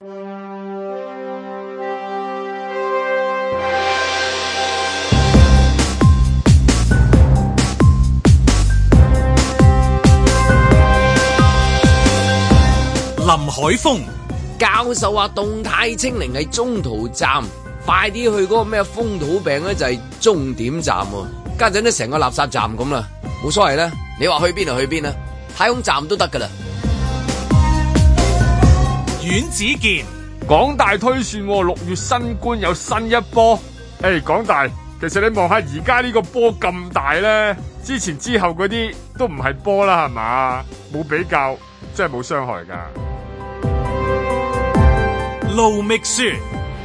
林海峰教授話：動態清零係中途站，快啲去嗰個咩風土病咧就係終點站喎。家陣都成個垃圾站咁啦，冇所謂啦。你話去邊就去邊啦，太空站都得噶啦。阮子健，港大推算六月新冠有新一波。誒、哎，港大，其實你望下而家呢個波咁大咧，之前之後嗰啲都唔係波啦，係嘛？冇比較，真係冇傷害噶。盧覓雪，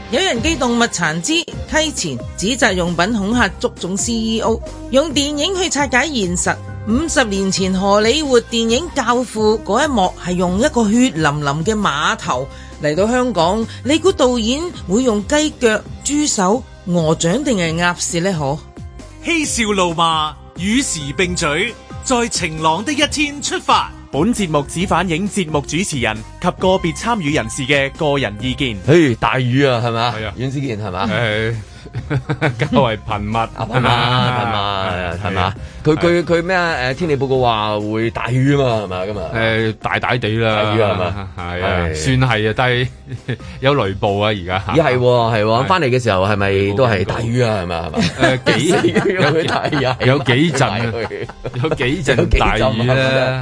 有人寄動物殘肢，溪前指責用品恐嚇足總 CEO，用電影去拆解現實。五十年前，荷里活電影《教父》嗰一幕係用一個血淋淋嘅碼頭，嚟到香港，你估導演會用雞腳、豬手、鵝掌定係鴨舌咧？嗬，嬉笑怒罵，與時並舉，在晴朗的一天出發。本節目只反映節目主持人及個別參與人士嘅個人意見。嘿，大雨啊，係咪？係啊，阮子健係咪較 為頻密係嘛？係嘛？係嘛？佢佢佢咩啊？誒、啊啊啊啊啊，天氣報告話會大雨啊嘛係嘛，咁啊誒，大大地啦，大雨係嘛，係算係啊，但係有雷暴啊。而家咦係係翻嚟嘅時候係咪都係大雨啊？係嘛？係嘛？誒幾 有幾有幾陣 有幾陣大雨咧，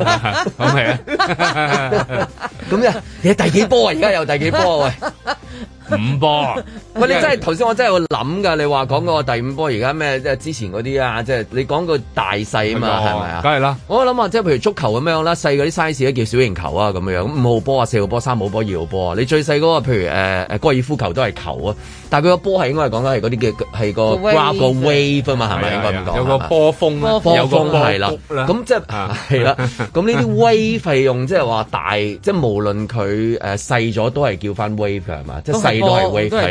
咁係啊咁啊你第幾波啊，而家又第幾波啊喂？ 好嗎 五波，喂 真的！ 你真係頭先，我真係會諗噶。你話講個第五波，而家咩即係之前嗰啲，就是那個，啊，即係你講個大細啊嘛，係咪啊？梗係啦，我諗啊，即係譬如足球咁樣啦，細嗰啲 size 都叫小型球啊，咁樣五號波啊，四號波，三號波，二號波啊。你最細嗰個，譬如誒誒，高、呃、爾夫球都係球啊，但係佢個波係應該係講緊係嗰啲叫係個刮個 wave 啊嘛，係咪應該咁講？有個波峰啊，有風係啦，咁、嗯、 即係係啦。咁呢啲 wave 費 用即係話大，即係無論佢誒細咗都係叫翻 wave 係嘛？即係細。係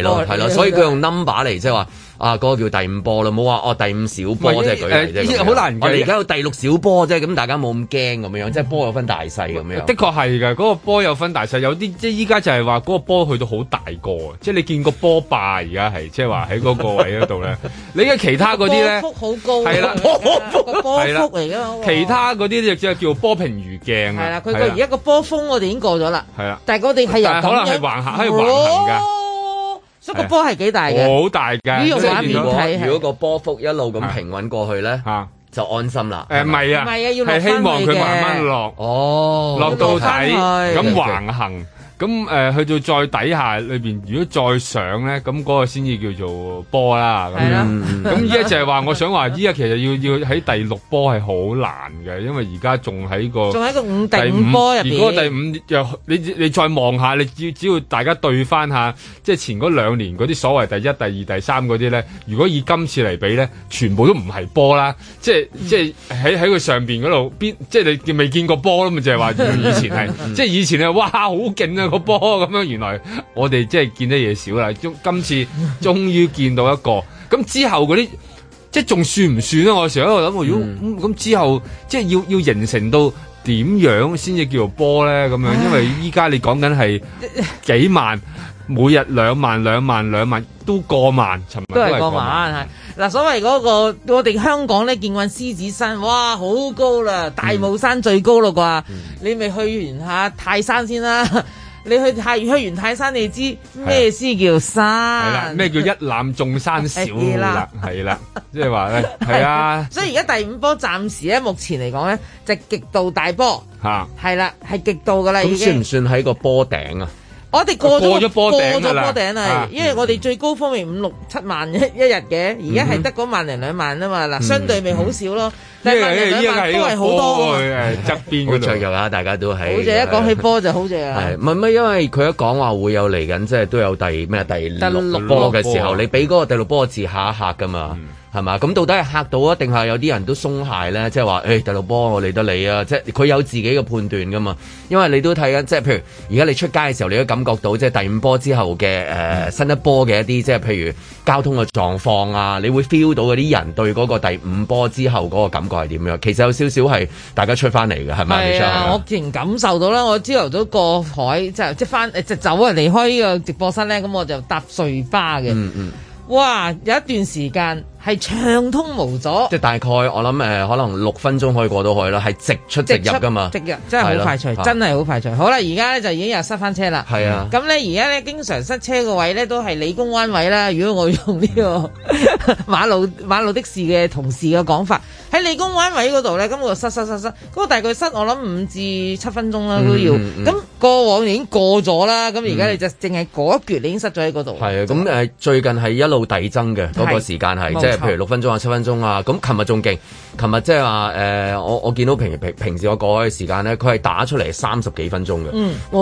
咯，係咯，所以佢用 number 嚟，即係話啊，嗰、那個叫第五波啦，唔好話哦第五小波，即、啊、係舉例啫，咁、啊啊啊。我哋而家有第六小波啫，咁大家冇咁驚，咁樣即係波有分大細咁、嗯、樣。的確係噶，嗰、那個波有分大細，有啲即係依家就係話嗰個波去到好大個，即係你見個波霸而家係，即係話喺嗰個位嗰度咧。 你嘅其他嗰啲咧，波幅好高，係啦，個波幅嚟噶嘛。其他嗰啲就係叫波平如鏡啊。係啦，佢而家個波峰我哋已經過咗啦。係啊，但係我哋係可能係橫行喺度橫行噶。所以個波係幾大嘅？好大嘅，如果，如果，如果，如果個波幅一路咁平穩過去咧，就安心啦。唔、呃、係啊，唔係啊，要落翻去嘅。係希望佢慢慢落，哦、落到底，咁橫行。係係咁誒、呃、去到再底下裏邊，如果再上咧，咁嗰個先至叫做波啦。咁樣咁依家就係話我想話依家其實要要喺第六波係好難嘅，因為而家仲喺個仲喺個五第五波入，如果第五若你你再望下，你只只要大家對翻下，即係前嗰兩年嗰啲所謂第一、第二、第三嗰啲咧，如果以今次嚟比咧，全部都唔係波啦。即係即係喺喺佢上邊嗰度邊即係你未見過波啦嘛？就係、是、話以前係， 即係以前啊，哇好勁啊！個波咁樣，原來我哋即係見得嘢，少啦。終、今次終於見到一個，咁 之後嗰啲即係仲算唔算咧？我成日喺度諗，如果咁、嗯、之後即係要要形成到點樣先至叫做波咧？咁樣，因為依家你講緊係幾萬，每日兩萬、兩萬、兩萬都過萬，尋日都係過萬。嗱，所謂嗰、嗰個我哋香港咧，見慣獅子山，哇，好高啦！大霧山最高啦啩、嗯嗯？你咪去完下、啊、泰山先啦？ 你去太去完泰山，你知咩先叫山？係啦、啊，咩、啊、叫一覽眾山小啦？係 啦、啊，即係話咧，係 啊。所以而家第五波暫時咧，目前嚟講咧，就極、係、度大波吓，係、啊、啦，係極、啊、度噶啦已經。咁算唔算喺個波頂啊？ 我、哦、哋過咗過咗波頂，頂、啊、因為我哋最高方面五六七萬一日、嗯、一日嘅，而家係得嗰萬零兩萬啊嘛嗱，相對咪好少咯。兩萬零兩萬都係好多啊，側邊好雀躍啊，大家都係，好謝一、啊、講起波就好謝啊。係唔係因為佢一講話會有嚟緊，即係都有第咩第六波嘅時候，你俾嗰個第六波字嚇一嚇㗎嘛，係、嗯、嘛？咁到底係嚇到啊，定係有啲人都鬆懈咧？即係話誒第六波我理得你啊！即係佢有自己嘅判斷㗎嘛。因為你都睇緊，即係譬如而家你出街嘅時候，你都感覺到即係第五波之後嘅誒、呃、新一波嘅一啲即係譬如交通嘅狀況啊，你會 feel 到嗰啲人對嗰個第五波之後嗰個感覺係點樣？其實有少少係大家出翻嚟嘅係咪？我自然感受到啦。我朝頭早過海即係即翻誒走啊離開呢個直播室咧，咁我就搭隧巴嘅。嗯嗯，哇，有一段時間。係暢通無阻，即大概我諗、呃、可能六分鐘可以過到去啦，係直出直入噶嘛，直入真係好快脆，真係好快脆。好啦，而家咧就已經又塞翻車啦，係啊，咁咧而家咧經常塞車個位咧都係理工灣位啦。如果我用呢、呢個 馬路馬路的士嘅同事嘅講法，喺理工灣位嗰度咧，咁我就塞塞塞塞，嗰個大概塞我諗五至七分鐘啦都要。咁、嗯嗯、過往已經過咗啦，咁而家你就淨係嗰一橛已經塞咗喺嗰度。係啊，咁誒最近係一路遞增嘅嗰個時間係即係。譬如六分鐘啊、七分鐘啊，咁琴日仲勁。琴日即係話誒，我我見到平平平時我過海嘅時間咧，佢係打出嚟三十幾分鐘嘅。我、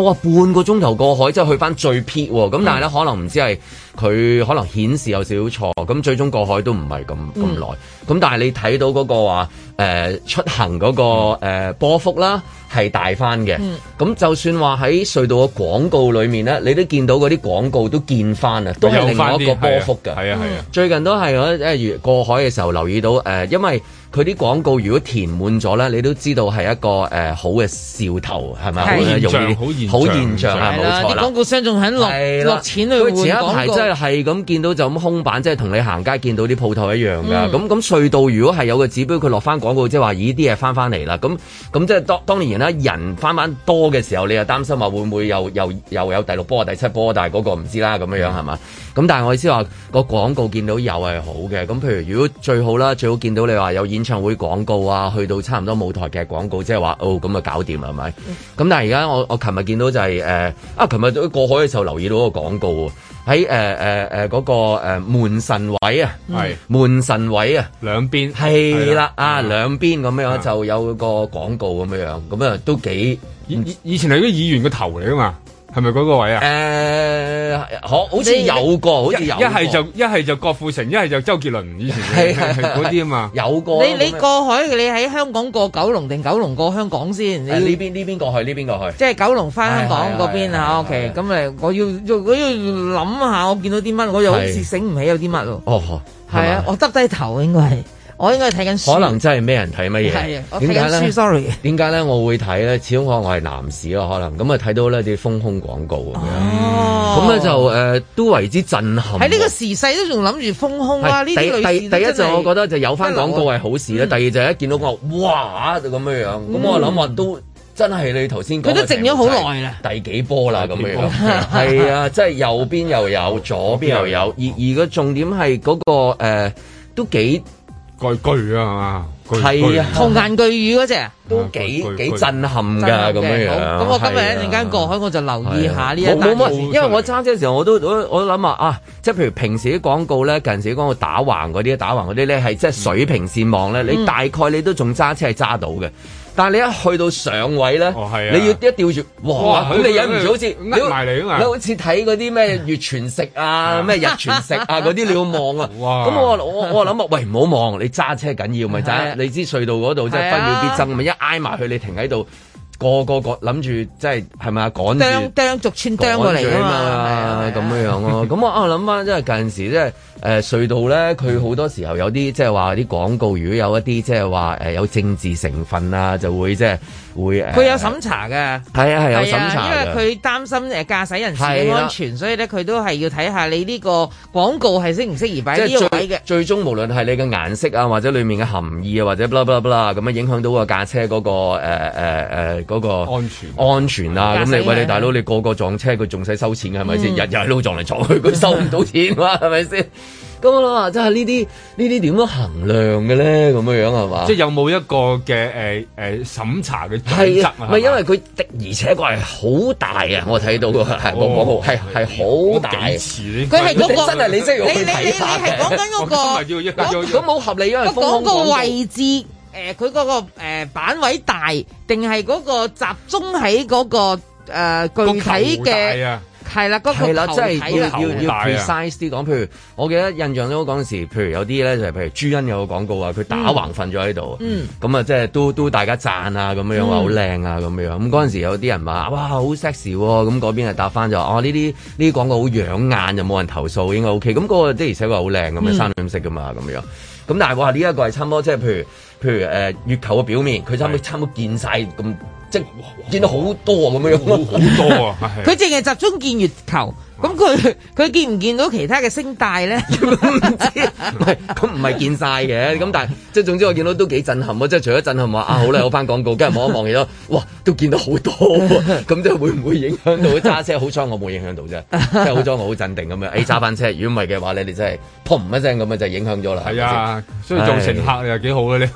嗯、話、哦、半個鐘頭過海，真係去翻最撇喎。咁但係咧、嗯，可能唔知係。佢可能顯示有少少錯，咁最終過海都唔係咁咁耐。咁、嗯、但係你睇到嗰個話、呃、出行嗰、嗰個、嗯呃、波幅啦，係大翻嘅。咁、嗯、就算話喺隧道嘅廣告裏面呢，你都見到嗰啲廣告都見翻啊，都係另外一個波幅嘅。係啊係啊，啊，啊，最近都係我誒過海嘅時候留意到誒、呃，因為。佢啲廣告如果填滿咗咧，你都知道係一個誒、呃、好嘅兆頭，係咪？好現象，好現象，好現象係冇錯。啲廣告商仲喺落落錢去換廣告。佢前一排真係咁見到就咁空板，即係同你行街見到啲鋪頭一樣㗎。咁、嗯、咁隧道如果係有個指標，佢落翻廣告，就是、即係話咦啲嘢翻翻嚟啦。咁咁即係當當年然啦，人翻翻多嘅時候，你又擔心話會唔會又又又有第六波、第七波，但係嗰個唔知啦咁樣樣係嘛？咁、嗯、但係我意思話、那個廣告見到有係好嘅。咁譬如如果最好啦，最好見到你話有演唱會廣告啊，去到差唔多舞台嘅廣告，即係話哦，咁啊搞掂係咪？咁、嗯、但係而家我我琴日見到就係、是、誒、呃，啊，琴日過海嘅時候留意到個廣告喺誒誒誒嗰個誒、呃、門神位啊，係、嗯、門神位啊，兩邊係啦啊，兩邊咁樣就有個廣告咁樣，咁啊都幾以以前係啲議員嘅頭嚟啊嘛。係咪嗰個位啊？誒、呃，好似有過，好似有。一係就一係就郭富城，一係就周杰倫，以前嗰啲啊嘛。有過、啊。你你過海，你喺香港過九龍定九龍過香港先？你、啊、呢邊呢邊過去，呢邊過去。即係九龍翻香港嗰、哎哎哎、邊、哎哎、啊？OK，咁咪、哎、我要要我要諗下，我見到啲乜，我又好似醒唔起有啲乜囉，哦，係啊，我耷低頭應該係。我應該睇緊書可能真係咩人睇乜嘢？點解咧？Sorry。點解咧？我會睇咧？始終我我係男士咯，可能咁啊睇到呢啲風空廣告咁、oh. 樣咁咧就誒、呃、都為之震撼。喺呢個時勢都仲諗住風空啊！呢啲類似第一，第一就我覺得就有翻廣告係好事啦，第二就一見到我哇就咁樣樣，咁、嗯、我諗我都真係你頭先講，佢都靜咗好耐啦，第幾波啦咁樣樣，係 啊，即、就、係、是、右邊又有，左邊又有，哦、而而個重點係嗰、那個、呃、都幾。巨巨啊！係啊，同言、啊、巨語嗰隻都幾幾震撼噶咁樣，咁我今日一陣間過海，我就留意下呢一單。冇乜、啊啊、因為我揸車嘅時候我都我都諗下，啊，即係譬如平時啲廣告咧，近時廣告打橫嗰啲，打橫嗰啲咧係即係水平線望咧、嗯，你大概你都仲揸車係揸到嘅。但係你一去到上位咧、哦啊啊啊啊啊， 你要一吊住哇，咁你忍唔住好似埋嚟啊嘛，你好似睇嗰啲咩月全食啊，咩日全食啊嗰啲你要望啊，咁我我我諗啊，喂唔好望，你揸車緊要咪就，你知道隧道嗰度真係分秒必爭，嘛、啊，一挨埋去你停喺度，個個個諗住即係係咪啊趕住，釘釘逐串釘過嚟啊嘛，咁樣咯、啊，咁、啊、 我我諗翻即係近時即係。誒、呃，隧道咧，佢好多時候有啲即係話啲廣告，如果有一啲即係話誒有政治成分啊，就會即係會。佢、呃、有審查嘅係啊，係有審查、啊。因為佢擔心誒駕駛人士嘅安全，所以咧佢都係要睇下你呢個廣告係適唔適宜擺呢個位嘅、就是。最終無論係你嘅顏色啊，或者裏面嘅含義啊，或者不啦不啦不啦咁樣影響到駕、那個駕車嗰個誒誒誒嗰個安全安全啊！咁你喂你大佬，你個個撞車佢仲使收錢係咪先？日日、嗯、都撞嚟撞去，佢收唔到錢係咪先？是 咁咯，即係呢啲呢啲點樣衡量嘅咧？咁樣樣係嘛？即係有冇一個嘅誒誒審查嘅準則啊？唔係因為佢的，而且個係好大啊！我睇到個係嗰個係係好大。幾錢？佢係嗰個真係你即係要去睇翻嘅。你你你係講緊嗰個，如果冇合理啊。不講個位置誒，佢嗰個誒版位大，定係嗰個集中喺嗰個誒具體嘅。係啦，嗰、嗰個頭睇要要要 precise 啲講，譬如我記得印象中好，嗰陣時譬如有啲咧就係譬如朱茵有個廣告啊，佢打橫瞓咗喺度，咁、嗯、啊、嗯、即係都都大家讚啊咁樣、嗯、啊，好靚啊咁樣。咁嗰陣時有啲人話哇好 sexy 喎、啊，咁嗰邊答就答翻就哦呢啲呢啲廣告好養眼就冇人投訴應該 OK。咁嗰個即而且好靚咁樣三點式噶嘛咁樣。咁但係話呢一個係差唔多即係譬如譬如、呃、月球嘅表面，佢差唔多差唔多見晒。咁。見到好多咁樣，好多，多， 多啊！佢淨係集中見月球。咁佢佢見唔見到其他嘅聲帶咧？唔 知，唔係，咁唔係見晒嘅。咁但係即係總之我見到都幾震撼啊！即係除咗震撼話啊，好咧，我翻廣告，跟住望一望嘢咯，哇，都見到好多，咁即係會唔會影響到揸車？好彩我冇影響到啫，即係好彩我好鎮定咁樣。A 揸翻車，如果唔係嘅話，你哋真係噗唔一聲咁樣就影響咗啦。係啊，所以做乘客又幾好嘅咧，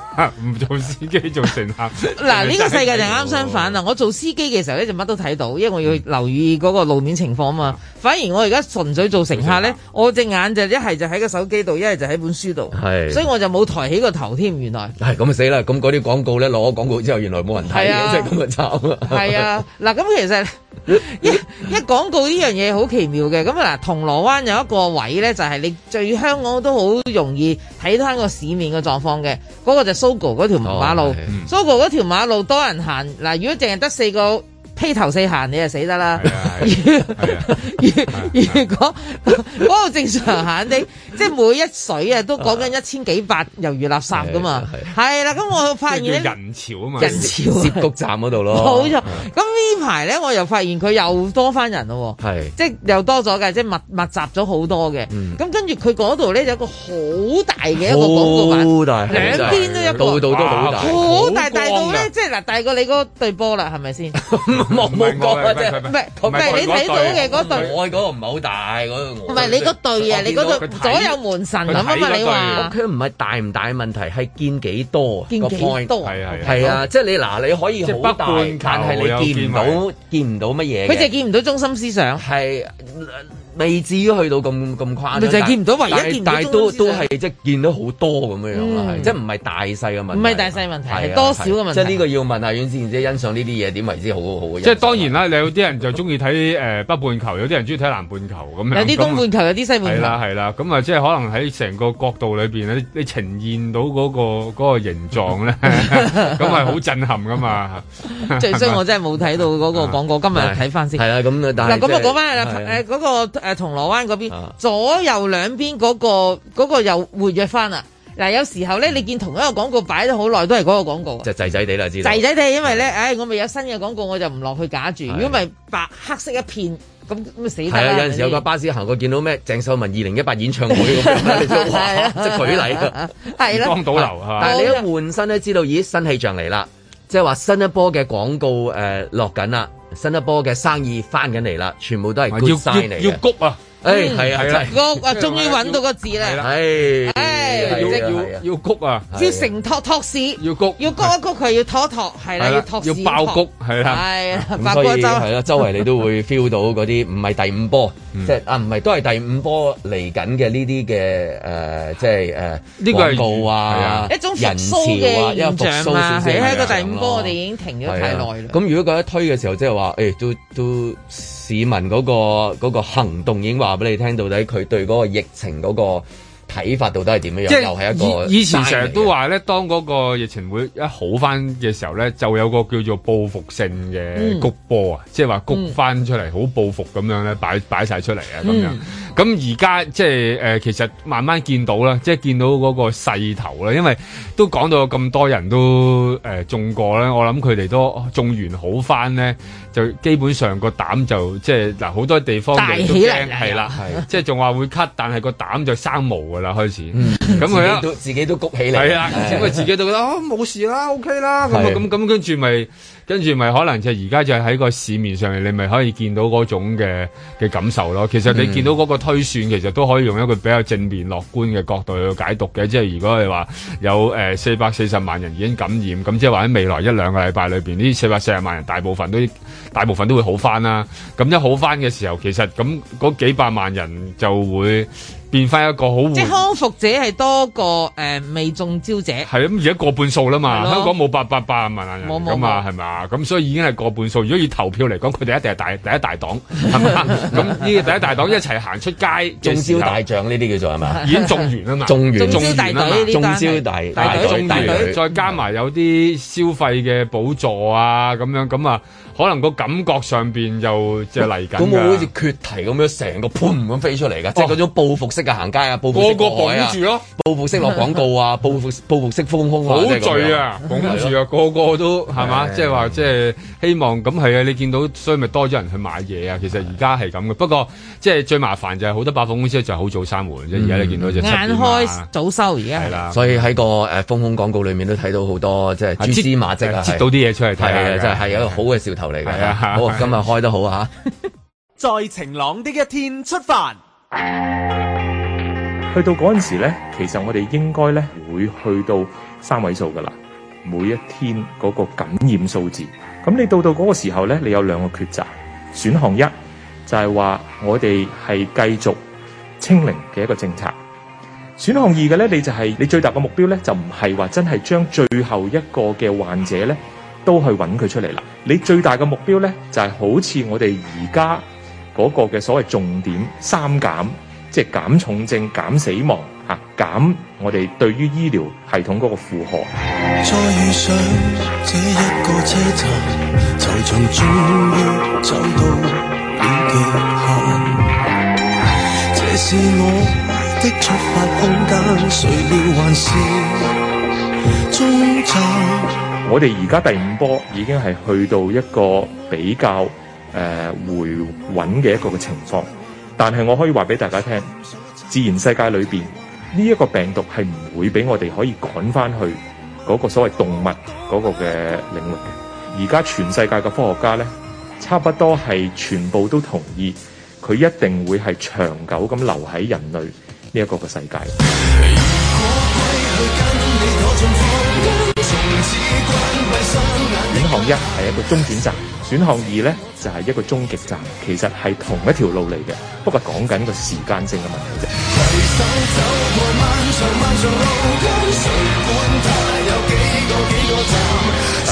唔 做司機做乘客。嗱， 呢、這個世界就啱相反啦。我做司機嘅時候咧就乜都睇到，因為我要留意嗰個路面情況啊嘛。嗯反而我而家純粹做乘客咧，我隻眼就一係就喺個手機度，一係就喺本書度，所以我就冇抬起個頭添。原來係咁死啦！咁嗰啲廣告咧攞咗廣告之後，原來冇人睇嘅，即係咁啊慘啊！係啊，嗱咁其實 一一廣告呢樣嘢好奇妙嘅。咁啊嗱，銅鑼灣有一個位咧，就係你最香港都好容易睇翻個市面嘅狀況嘅。嗰、嗰個就 Sogo 嗰條馬路、哦，Sogo 嗰條馬路多人行嗱。如果淨係得四個，披頭四行你就死得啦！啊啊啊！如果，啊啊、如果嗰度，啊啊、正常行啲，啊，即係每一水啊都講緊一千幾百油如垃圾噶嘛，係啦，啊。咁，啊啊、我發現咧人潮啊嘛，人潮涉，啊、谷站嗰度咯，冇錯。咁，啊、呢排咧我又發現佢又多翻人咯，係，啊、即係又多咗嘅，即係密密集咗好多嘅。咁跟住佢嗰度咧有一個好大嘅一個廣告板，好大，兩邊都一個，度都好大，好大大，大到咧，即係嗱大過你嗰對波啦，係咪先？ 冇冇個即係，唔係唔係你睇到嘅嗰對。我嗰個唔係好大嗰個。唔係你嗰對啊？你嗰對左右門神咁啊嘛？你話佢唔係大唔大問題，係見幾多見幾多係啊？即係你嗱，你可以好大，但係你見唔到見唔到乜嘢？佢就係見唔到中心思想。係。未至於去到咁咁誇，就係見唔到唯一件，但見到係都都係、嗯、即係見到好多咁樣樣，即係唔係大細嘅問，唔係大細問題，係多少嘅問題，問題，即係呢個要問下。遠先，即姐欣賞呢啲嘢點為之好好嘅嘢。即係當然啦，你有啲人就中意睇誒北半球，有啲人中意睇南半球咁樣，有啲東半球有啲西半球。係啦係啦，咁啊、嗯、即係可能喺成個角度裏邊你呈現到嗰、那個嗰、那個形狀咧，咁係好震撼噶嘛。即所以我真係冇睇到嗰個廣告，今日睇翻先。係啦，咁啊咁啊講翻誒嗰誒銅鑼灣嗰邊、啊、左右兩邊嗰、嗰個嗰、嗰個、又活躍翻啦嗱，有時候咧，你見同一個廣告擺咗好耐，都係嗰個廣告即就仔仔地啦，知唔知？仔仔地，因為咧，誒、哎，我未有新嘅廣告，我就唔落去假住。如果咪白黑色一片，咁咪死得啦。係有陣時候有個巴士行過，見到咩鄭秀文二零一八演唱會咁樣， 你都即舉例啦，時光倒流，但你一換新咧，知道咦新氣象嚟啦，即係話新一波嘅廣告誒落緊啦。呃新一波嘅生意翻緊嚟啦，全部都係 good sign 嚟啊！要，要，要谷啊！誒、嗯，係、哎、啊，谷啊，終於揾到個字啦！誒，要、哎、要要，要，要谷啊！要成托托市，要谷，要谷一谷係要托托，係啦，要托要，要爆谷，係啦。咁所以係啦，周圍你都會 feel 到嗰啲唔係第五波， 嗯、即係啊，唔係都係第五波嚟緊嘅呢啲嘅誒，即係誒、呃這個，廣告啊，一種復蘇嘅現象啊，係一個第五波，我哋已經停咗太耐啦。咁如果嗰一推嘅時候，即係話誒，都都。市民嗰個嗰個行動已經話俾你聽，到底佢對嗰個疫情嗰個。睇法到底係點樣樣？即係又係一個以前成日都話咧，當嗰個疫情會一好翻嘅時候咧，就有個叫做報復性嘅谷波啊、嗯，即係話谷翻出嚟好、嗯、報復咁樣咧，擺擺晒出嚟啊咁樣咁而家即係誒、呃、其實慢慢見到啦，即係見到嗰個勢頭啦，因為都講到咁多人都誒、呃、中過咧，我諗佢哋都中完好翻咧，就基本上個膽就即係嗱好多地方都大起嚟係啦，即係仲話會咳，但係個膽就生毛啊。啦開始，咁佢啊自己都谷起嚟，係啊，咁、啊啊、自己都覺得冇、哦、事啦，OK 啦，咁咁咁跟住咪跟住咪可能就而家就喺個市面上面，你咪可以見到嗰種嘅嘅感受咯。其實你見到嗰個推算，其實都可以用一個比較正面樂觀嘅角度去解讀嘅。即係如果你話有誒四百四十萬人已經感染，咁即係話喺未來一兩個禮拜裏邊，呢四百四十萬人大部分都大部分都會好翻啦。咁一好翻嘅時候，其實咁嗰幾百萬人就會。變翻一個好，即係康復者係多過誒、呃、未中招者。係咁而家過半數啦嘛，香港冇八百八萬萬人噶嘛，係嘛，咁所以已經係過半數。如果以投票嚟講，佢哋一定係大第一大黨，係 嘛？咁呢個第一大黨一齊行出街，中招大將呢啲叫做，係咪啊？已經中完啊嘛，中 中招大隊呢啲，中招大大隊，中完大隊，再加埋有啲消費嘅補助啊，咁樣咁啊。可能個感覺上面又、啊，即係嚟緊㗎，會唔會好似缺堤咁樣成個盤咁飛出嚟㗎，即係嗰種報復式嘅行街啊，個個拱住咯，報復式落廣告啊， 報復式風控好醉啊，拱住啊，個個都係嘛，即係話即係希望咁係啊，你見到所以咪多咗人去買嘢啊。其實而家係咁嘅，不過即係、就是、最麻煩就係好多百貨公司就係好早閂門啫，而、嗯、家你見到就晏開早收而家，係啦，所以喺個誒風控廣告裏面都睇到好多即係蛛絲馬跡啊，接到啲嘢出嚟，睇。係一個好嘅兆嚟噶、哎，好啊、哎！今日開得好啊！ 在晴朗的一天出發，去到嗰陣時咧，其實我哋應該咧會去到三位數噶啦。每一天嗰個感染數字，咁你到到嗰個時候咧，你有兩個抉擇：選項一就係、是、話我哋係繼續清零嘅一個政策；選項二嘅咧，你就係、是、你最大嘅目標咧，就唔係話真係將最後一個嘅患者咧。都去揾佢出嚟啦。你最大嘅目標咧，就係好似我哋而家嗰個嘅所謂重點三減，即係減重症、減死亡嚇、減我哋對於醫療系統嗰個負荷。我哋而家第五波已經係去到一個比較誒、呃、回穩嘅一個嘅情況，但係我可以話俾大家聽，自然世界裏邊呢一個病毒係唔會俾我哋可以趕翻去嗰個所謂動物嗰個嘅領域嘅。而家全世界嘅科學家咧，差不多係全部都同意，佢一定會係長久咁留喺人類呢一個嘅世界。 選項一係一個中轉站；選項二呢就係、是、一個終極站，其實係同一條路嚟嘅，不過講緊個時間性嘅問題啫。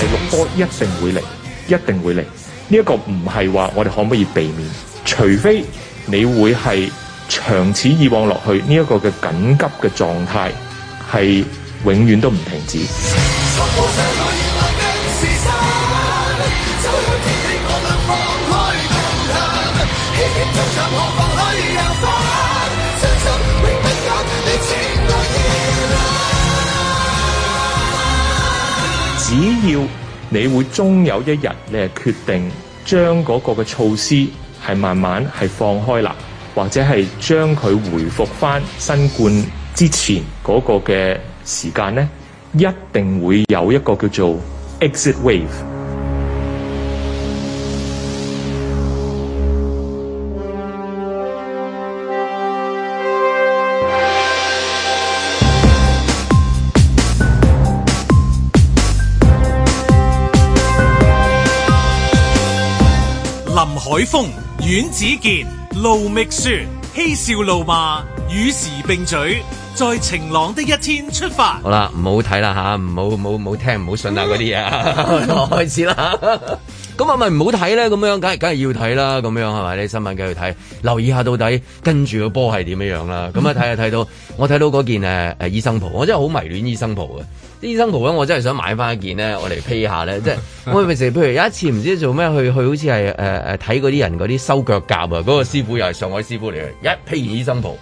第六波一定會嚟，一定會嚟，呢、這、一個唔係話我哋可唔可以避免，除非你會係長此以往落去，呢、這、一個嘅緊急嘅狀態係永遠都唔停止。只要你會終有一日，你係決定將嗰個嘅措施係慢慢係放開啦，或者係將佢回復翻新冠之前嗰個嘅時間咧，一定會有一個叫做 exit wave。海風阮子健、盧覓雪，嬉笑怒罵與時並嘴，在晴朗的一天出發。好啦，唔好睇啦吓，唔好唔好唔好聽唔好信啊嗰啲啊，我、嗯、 開始啦了。 咁我咪唔好睇咧，咁樣梗係梗係要睇啦，咁樣係咪你新聞繼續睇，留意下到底跟住個波係點樣啦。咁啊睇下，睇到，我睇到嗰件咧誒、呃、醫生袍，我真係好迷戀醫生袍啲醫生袍咧，我真係想買翻一件咧，我嚟披下咧。即係我平時譬如，譬如有一次唔知做咩去去，去好似係誒睇嗰啲人嗰啲修腳甲啊，嗰、嗰個師傅又係上海師傅嚟嘅，一披完醫生袍。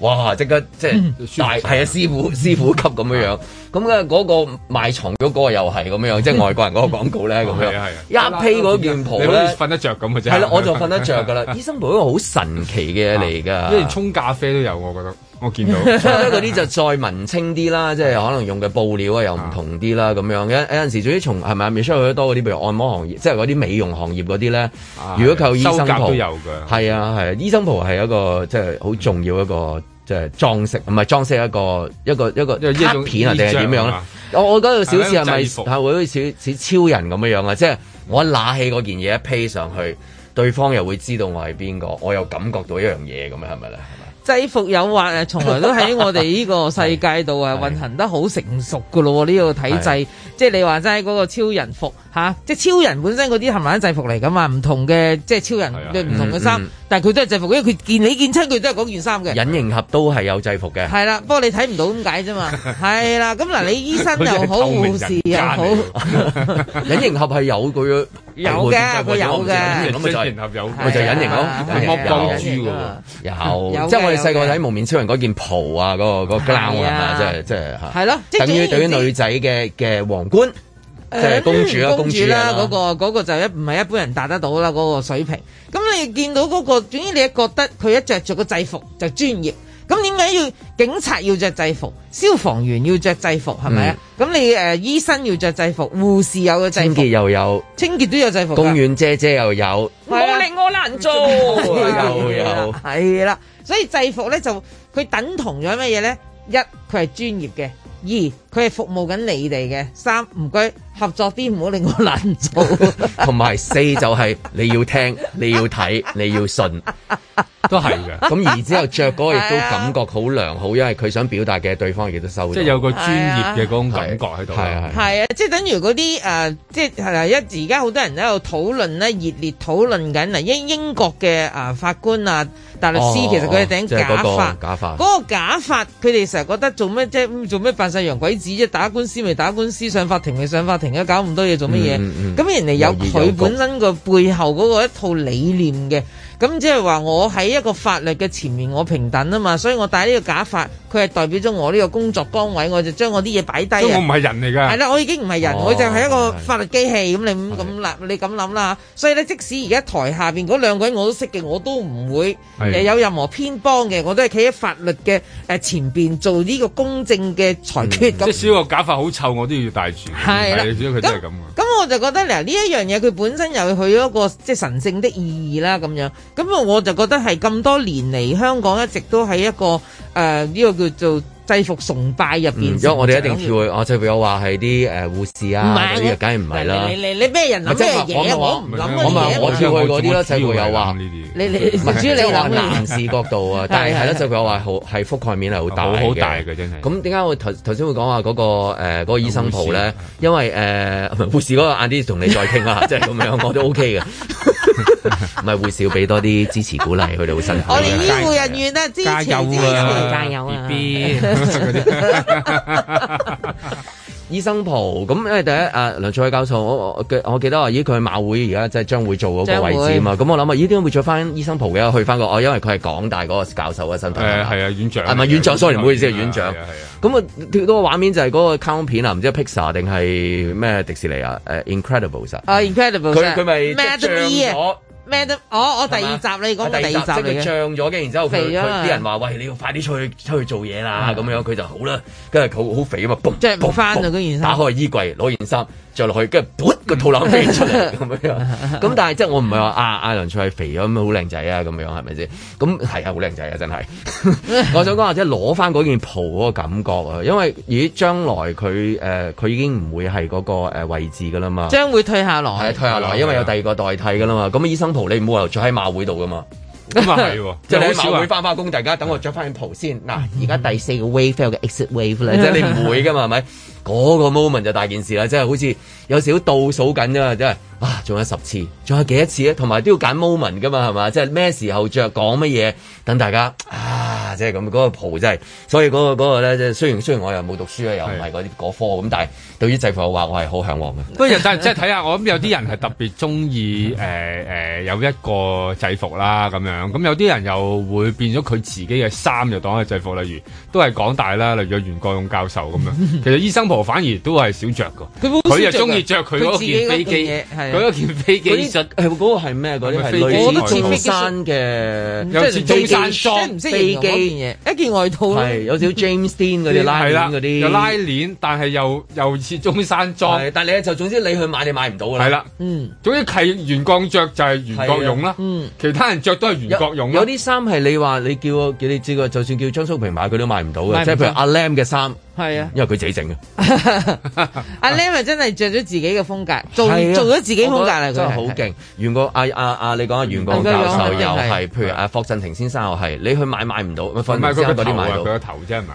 哇！刻即刻即係大係啊，師傅師傅級咁樣樣，咁啊嗰個賣床嗰個又係咁樣、嗯、即係外國人嗰個廣告咧咁、哦啊、樣、啊啊，一批嗰件袍咧瞓得着咁嘅啫，係啦、啊，我就瞓得着噶啦， 醫生袍一個好神奇嘅嘢嚟噶，為、啊、沖咖啡都有，我覺得。我見到，嗰啲就再文青啲啦，即、就、係、是、可能用嘅布料啊又唔同啲啦，咁、啊、樣有陣時，總之從係咪未出去多嗰啲，譬如按摩行業，即係嗰啲美容行業嗰啲咧。如果靠醫生袍，都有嘅。係啊係啊,啊，醫生袍係一個即係好重要一個即係、嗯就是、裝飾，唔係裝飾一個一個一個,一個卡片啊，定係點樣咧、啊？我我覺得個小事係咪、啊啊、會好似似超人咁樣啊？即、就、係、是、我拿起嗰件嘢一披上去，對方又會知道我係邊個，我又感覺到一樣嘢咁樣係咪咧？是制服誘惑誒，從來都喺我哋呢個世界度誒運行得好成熟㗎咯喎，呢、呢個體制，即係你話齋嗰個超人服嚇，即、啊、係、就是、超人本身嗰啲冚唪唥制服嚟㗎嘛，唔同嘅即係超人對唔同嘅衫。但係佢都係制服，因為佢見你見親佢都係嗰件衫嘅。隱形俠都係有制服嘅。係啦，不過你睇唔到咁解啫嘛。係啦，咁嗱，你醫生又好護士又好，隱形俠係有佢，有嘅佢有嘅。咁咪就隱形俠有，咪就隱形咯，魔降豬嘅喎。有，即係我哋細個睇《蒙面超人》嗰件袍啊，嗰個嗰膠係嘛，即係即係吓。係咯，等於對於女仔嘅嘅皇冠。就是、公主啦、啊嗯，公主啦、啊，嗰、啊那個嗰、那個就一唔係一般人達得到啦，嗰、那個水平。咁你見到嗰、那個，總之你覺得佢一着着個制服就專業。咁點解要警察要着制服，消防員要着制服係咪啊？咁、嗯、你誒、呃、醫生要着制服，護士有個制服，清潔又有，清潔都有制服，公園姐姐又有，冇、啊、令我難做，啊、有有係啦、啊啊啊。所以制服咧就佢等同咗咩嘢咧？一佢係專業嘅，二。佢係服務緊你哋嘅，三唔該合作啲，唔好令我難做。同 埋四就係、是、你要聽，你要睇，你要信， 都係嘅。咁然之後着嗰亦都感覺好良好，啊、因為佢想表達嘅對方亦都收到。即、就、係、是、有個專業嘅嗰種感覺喺度。係啊係啊。即係、啊啊啊啊就是、等於嗰啲誒即係一而家好多人喺度討論咧，熱烈討論緊嗱，英英國嘅啊、呃、法官啊大律師其實佢係頂假髮，假髮嗰個假髮佢哋成日覺得做咩即係做咩扮晒洋鬼。打官司咪打官司，上法庭咪上法庭嘅，搞咁多嘢做乜嘢？咁、嗯嗯、人哋有佢本身個背後嗰個一套理念嘅，咁即係話我喺一個法律嘅前面，我平等啊嘛，所以我戴呢個假髮。佢係代表咗我呢個工作崗位，我就將我啲嘢擺低啊！我唔係人嚟㗎，係啦，我已經唔係人，哦、我就係一個法律機器咁。你咁咁諗，你咁諗啦。所以咧，即使而家台下面嗰兩個人我都識嘅，我都唔會有任何偏幫嘅，我都係企喺法律嘅前邊做呢個公正嘅裁決咁、嗯。即使個假髮好臭，我都要戴住。係啦，咁咁我就覺得嗱，呢一樣嘢佢本身有佢一個即係神聖的意義啦，咁樣咁啊，我就覺得係咁多年嚟，香港一直都係一個。誒、啊、呢、呢個叫做制服崇拜入面、嗯，因為我哋一定跳去。我就會有話係啲誒護士啊，呢個梗係唔係啦？你你你咩人諗咩嘢我唔諗我咪話我，我跳去嗰啲咯，就譬如有話，你你主要你話男士 角度啊？但係係咯，就譬如話好係覆蓋面係好大，好大嘅真係。咁點解我頭頭先會講話嗰個誒嗰個醫生袍咧？因為誒護士嗰個晏啲同你再傾啊。即係咁樣我都 OK 嘅。唔係 會少俾多啲支持鼓勵，佢哋好辛苦。我哋醫護人員啊，加油啊！加油啊！B B。寶寶 醫生袍咁，因為第一啊梁卓偉教授，我我我記得話，咦佢馬會而家即係將會做嗰個位置啊嘛，咁、嗯、我諗啊，咦點解會再翻醫生袍嘅，去翻、那個哦、啊，因為佢係港大嗰個教授嘅身份。誒、啊、係啊，院長。係、啊、咪院長？sorry，唔、啊、好意思，院長。咁啊，跳到個畫面就係嗰個卡通片啊，唔知係 Pixar 定係咩迪士尼啊？誒、啊啊啊嗯、Incredible Incredible 佢佢咪係將咩、哦、都，我我第二集，你講第二集，即係漲咗嘅，然之後佢啲人話，喂，你要快啲出去出去做嘢啦，咁樣佢就好啦。跟住佢好肥㗎嘛，即係唔翻啊嗰件衫。打開衣櫃攞件衫。着落去，跟住撥個肚腩飛出嚟咁樣。咁 但係即係我唔係話啊阿、啊、梁翠肥咗，咁好靚仔啊咁樣，係咪先？咁係啊，好靚仔啊，真係。 我想講或者攞翻嗰件袍嗰個感覺啊，因為以將來佢誒佢已經唔會係嗰個位置噶啦嘛，將會退下來係退下來，因為有第二個代替噶啦嘛。咁啊，醫生袍你唔好話着喺馬會度噶嘛， 你馬會即係好少。馬會翻返工，大家等我着翻件袍先。嗱，而家第四個 wave 有個 exit wave 你唔會噶嘛，係咪？嗰個 moment 就大件事啦，真係好似有少少倒數緊啫，真係。哇、啊！仲有十次，仲有幾多次咧？同埋都要揀 moment 噶嘛，係嘛？即係咩時候着，講乜嘢？等大家啊，即係咁嗰個袍真係，所以嗰個嗰個咧，即係雖然雖然我又冇讀書啊，又唔係嗰啲嗰科咁，但係對於制服嘅話，我係好向往嘅。 不過但係即係睇下，我諗有啲人係特別中意誒誒有一個制服啦咁樣，咁有啲人又會變咗佢自己嘅衫就當係制服，例如都係港大啦，例如袁國勇教授咁樣。其實醫生袍反而都係少着嘅，佢佢又中意着佢嗰件飛有一件飛機質，誒嗰、嗰個係咩？嗰啲飛機都風衫嘅，即係唔識飛機嘅嘢，一件外套咧有少 James Dean 嗰啲 拉鏈嗰啲，有拉鏈，但係又又似中山裝，但你就總之你去買你買唔到嘅，係啦，嗯，總之係袁剛著就係袁國勇啦、嗯，其他人着都係袁國勇，有啲衫係你話你叫你叫你知個就算叫張叔平買佢都買唔到嘅，即係譬如阿 Lam 嘅衫。係啊，因為佢自己整嘅。阿 lem、啊啊、真係着咗自己嘅風格，做、啊、做咗自己風格啦。佢、就是、真係好勁。袁國阿阿阿，你講阿袁國教授又係、嗯嗯嗯，譬如阿、啊啊、霍震霆先生又係，你去買買唔到，買唔到嗰啲買到。佢嘅頭啫係嘛？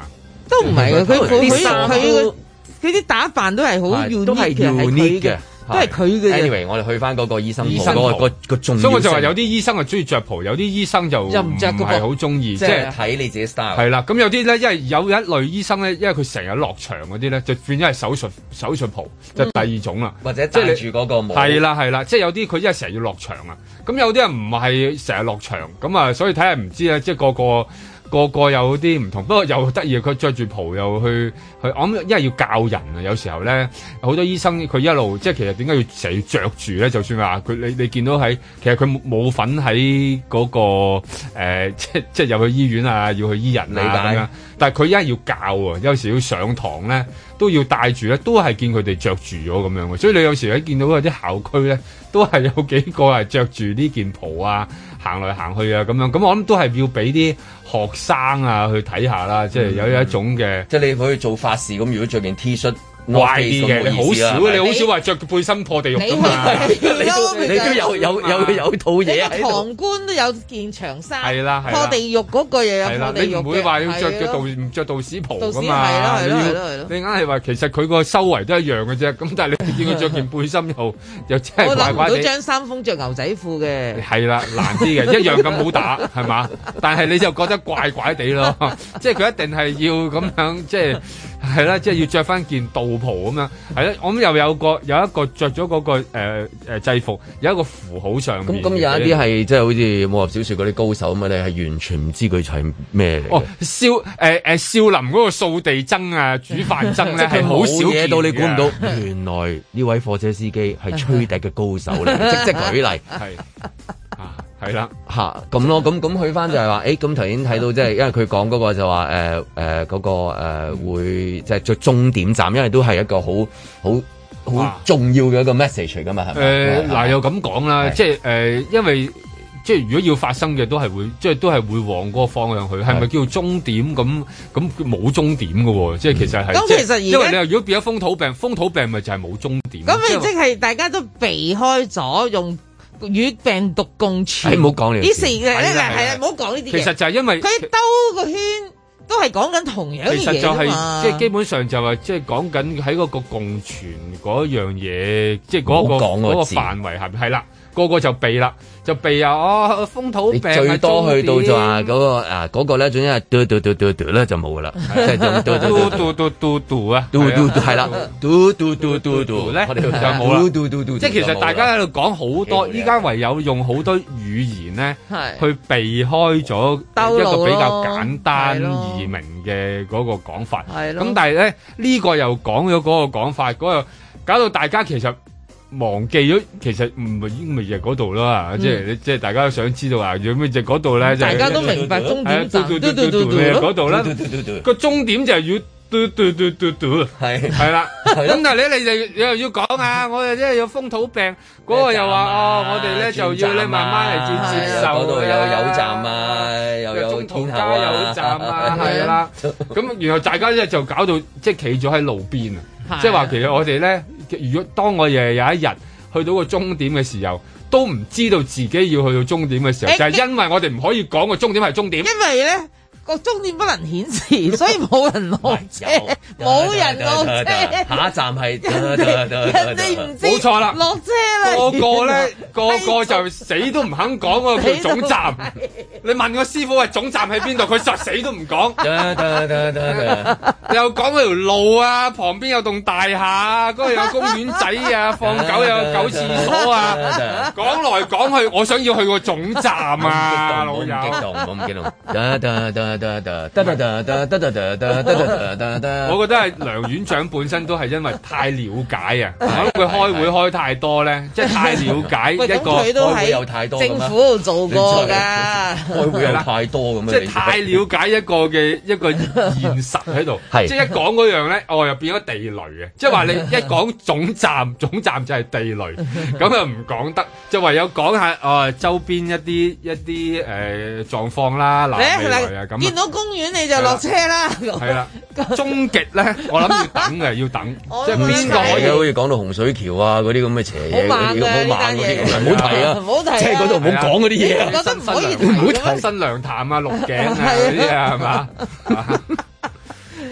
都唔係嘅，佢佢佢佢佢啲打扮都係好要，都係要呢嘅。都係佢嘅。Anyway，我哋去翻嗰個醫生袍、醫生袍、嗰個、嗰個重要。所以我就話有啲醫生就中意着袍，有啲醫生就唔係好中意，即係睇你自己 style。係啦，咁有啲咧，因為有一類醫生咧，因為佢成日落場嗰啲咧，就變咗係手術手術袍、嗯，就第二種啦。或者戴住嗰個。係啦係啦，即係有啲佢因為成日要落場啊，咁有啲人唔係成日落場，咁啊，所以睇下唔知咧，即係個個。個個有啲唔同，不過又得意，佢着住袍又去去，我諗因為要教人啊，有時候咧好多醫生佢一路即係其實點解要成日要着住咧？就算話佢你你見到喺其實佢冇粉喺嗰個、呃、即係即係入去醫院啊，要去醫人咁、啊、樣，但佢一係要教喎，有時要上堂咧都要帶住咧，都係見佢哋着住咗咁樣嘅，所以你有時喺見到嗰啲校區咧，都係有幾個係着住呢件袍啊。行來行去啊咁樣，咁我諗都係要俾啲學生啊去睇下啦，嗯、即係有一種嘅、嗯嗯，即係你可以做法事咁，如果着件 T 恤。怪啲嘅，你好少你好少話着背心破地獄噶嘛？你都你都、啊、 有有有有套嘢旁觀，都有件長衫。係啦，破地獄嗰個嘢有破，破你唔會話要着著道唔著道士袍噶嘛？係咯係咯係咯。你硬係話其實佢個修為都一樣嘅啫。咁但係你見佢着件背心又 又真係怪怪地。我諗張三豐着牛仔褲嘅。係啦，難啲嘅一樣咁好打係嘛？ 但係你就覺得怪怪地咯， 即係佢一定係要咁樣即係。係啦，即係要着翻件道袍咁樣，係啦，咁又有個有一個着咗嗰個誒誒、呃、制服，有一個符號上嘅。咁咁有一啲係即係好似武俠小說嗰啲高手咁、哦呃、啊，你係完全唔知佢係咩嚟。少誒誒少林嗰個掃地僧啊，煮飯僧咧，係好少嘢到你估唔到。 原來呢位貨車司機係吹笛嘅高手嚟， 即即舉例。係啦，吓、啊、咁咯，咁咁去翻就係話，誒、欸，咁頭先睇到即係，因為佢講嗰個就話，誒、呃，誒、呃，嗰個誒會即係做終點站，因為都係一個好好好重要嘅一個 message 嚟噶嘛，係咪？誒、呃，嗱、啊，又咁講啦，即係，誒、呃，因為即係如果要發生嘅，都係會，即係都係會往嗰個方向去，係咪叫終點？咁咁冇終點噶，即係其實係，因、嗯、為你話如果變咗風土病，風土病咪就係冇終點。咁咪即係大家都避開咗用。與病毒共存，哎、你唔好講呢啲事嘅，係啦，唔好講呢啲。其實就係因為佢兜個圈都係講緊同樣嘢就嘛、係，即、就、係、係、基本上就係即係講緊喺嗰個共存嗰樣嘢，即係嗰個嗰、嗰個範圍下係啦。個個就避啦，就避啊！哦，風土病。你最多去到咯咯咯就話嗰個啊嗰個咧，總之係嘟嘟嘟嘟嘟咧就冇噶啦，即係嘟嘟嘟嘟嘟啊，嘟嘟嘟，係啦，嘟嘟嘟嘟嘟咧就冇啦，嘟嘟嘟即係其實大家喺度講好多，依家唯有用好多語言咧去避開咗一個比較簡單易明嘅嗰 個講法，咁但係咧呢個又講咗嗰個講法，嗰個搞到大家其實。忘記咗，其實唔係應咪就嗰度啦，即係即係大家都想知道啊，有咩就嗰度咧，大家都明白終點站都到到到嗰度啦，個終點就係要嘟嘟嘟嘟嘟，嘟係係啦。咁但係你你又又要講啊，我哋即係有風土病，嗰個又話哦，我哋咧就要你慢慢嚟接接受，又有站啊，又有地下加油站啊，係啦。咁然後大家咧就搞到即係企咗喺路邊啊，即係話其實我哋咧。嗯如果當我亦有一日去到個終點嘅時候，都唔知道自己要去到終點嘅時候，欸、就係、是、因為我哋唔可以講個終點係終點。因為咧。個終點不能顯示，所以冇人落車，冇人落車。下一站係，你唔知，冇錯啦，落車啦。個個咧，個個就死都唔肯講個條總站。你問個師傅話總站喺邊度，佢實死都唔講。得得得得得，又講嗰條路啊，旁邊有棟大廈，嗰度有公園仔啊，放狗又有狗廁所啊，講來講去，我想要去個總站啊，老友。激動，冇唔激動。得得得。得得得得得得得得得得得得得，我覺得係梁院長本身都係因為太了解啊，可能佢開會開太多咧，即係太了解一個，開會有太多，政府做過噶，開會係太多咁樣，即係太了解一個嘅一個現實喺度，即係一講嗰樣咧，哦又變咗地雷啊，即係話你一講總站，總站就係地雷，咁又唔講得，就唯有講下哦周邊一啲一啲誒狀況啦，嗱地雷啊咁。見到公園你就落車啦。係啦、啊，嗰個啊，終極咧，我諗要等嘅， 要等， 即係邊個可以講到洪水橋啊嗰啲咁嘅邪嘢，好慢嘅，好慢嗰啲，唔好睇啊，即係嗰度唔好講嗰啲嘢。我覺得唔可以唔好睇新娘潭啊、鹿頸啊嗰啲啊，係嘛？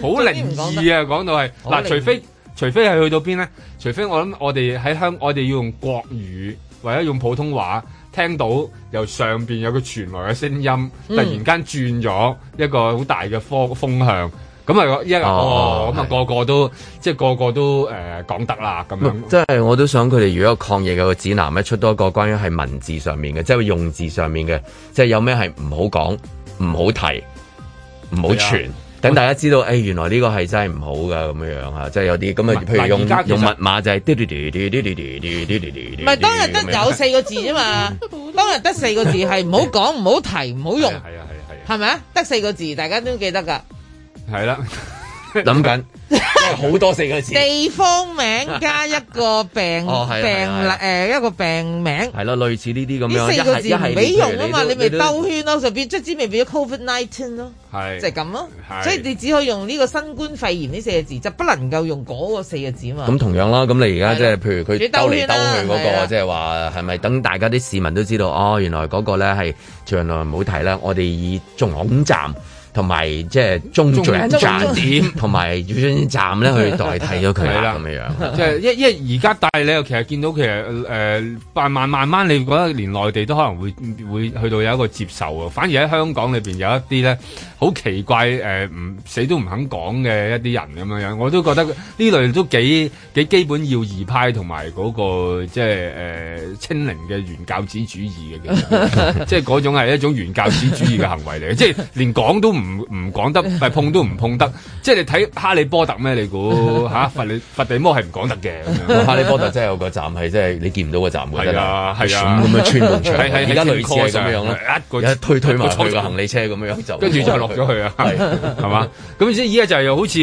好靈異啊，講到係嗱，除非除非係去到邊咧，除非我諗我哋喺香，我哋要用國語， 或者用普通話。聽到由上邊有個傳來嘅聲音，突然間轉咗一個好大嘅風、嗯、風向，咁啊一個哦，咁、哦、啊個個都即係個個都誒、呃、講得啦咁樣。即、嗯、係我都想佢哋如果有抗疫嘅指南咧出多一個關於係文字上面嘅，即、就、係、是、用字上面嘅，即、就、係、是、有咩係唔好講、唔好提、唔好傳。等大家知道，哎，原來呢個係真係唔好噶咁樣樣吓，即係有啲咁啊。譬如用如用，用密碼就係嘟唔係，當日得有四個字啫嘛， 當日得四個字係唔好講、唔 好提、唔好用。係啊係啊係啊，係咪啊？得、啊、四個字，大家都記得噶。係啦、啊，諗 緊。好 多四個字，地方名加一個病病誒、 哦啊啊啊啊、一個病名，係咯、啊啊啊，類似呢啲咁樣，一係一係冇用啊嘛，你咪兜圈咯、啊，就變卒之咪變咗 COVID nineteen 咯，係即係咁咯，所以你只可以用呢個新冠肺炎呢四個字、啊，就不能夠用嗰個四個字啊嘛。咁同樣啦，咁你而家即係譬如佢兜嚟兜去嗰個，係啊、即係話係咪等大家啲市民都知道哦，原來嗰個咧係長隆唔好提啦，我哋以仲恐站。同埋即係中轉站點同埋轉運站咧，中間中間 去代替咗佢係啦，咁樣樣，即係因因為而家但係你又其實見到其實誒、呃，慢慢慢慢，你覺得連內地都可能會會去到有一個接受啊。反而喺香港裏面有一啲咧。好奇怪誒，唔、呃、死都唔肯講嘅一啲人咁樣，我都覺得呢類都幾幾基本要義派同埋嗰個即係誒、嗯、清零嘅原教旨主義嘅， 即係嗰種係一種原教旨主義嘅行為嚟嘅，即係連講都唔唔講得，係碰都唔碰得。即係你睇、啊《哈利波特》咩？你估嚇佛佛地魔係唔講得嘅？《哈利波特》真係有個站係即係你見唔到個站嘅，係啊係啊咁樣穿門牆，而家類似咁樣樣咯、啊，一推推埋佢個行李車咁樣跟住咗去啊，係係嘛，咁所以而家就係好似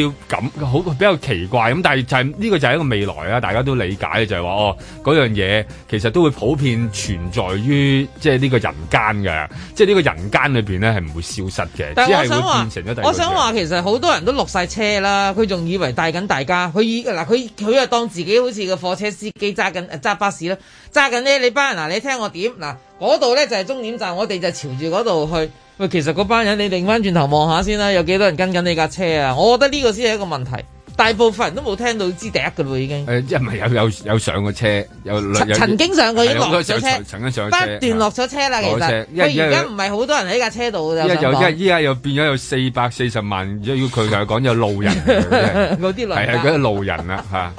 咁好比較奇怪咁，但係就係呢個就係一個未來啊，大家都理解嘅就係話哦，嗰樣嘢其實都會普遍存在於即係呢個人間嘅，即係呢個人間裏邊咧係唔會消失嘅，但係會變成咗第二個。我想話其實好多人都落晒車啦，佢仲以為帶緊大家，佢嗱佢佢又當自己好似個貨車司機揸緊揸巴士啦，揸緊呢你班人，嗱你聽我點嗱嗰度咧就係終點站，我哋就朝住嗰度去。喂，其實嗰班人，你擰翻轉頭望下先啦，有幾多人跟緊呢架車啊？我覺得呢個先係一個問題。大部分人都冇聽到知第一噶咯，已經。誒，一唔係有有有上過車有曾經上過已經落咗車曾經上過車一段落咗車啦，其實。因為而家唔係好多人喺架車度，就因為因為依家又變咗有四百四十萬，要佢嚟講就有路人，係 的是 啊，嗰啲路人啦嚇。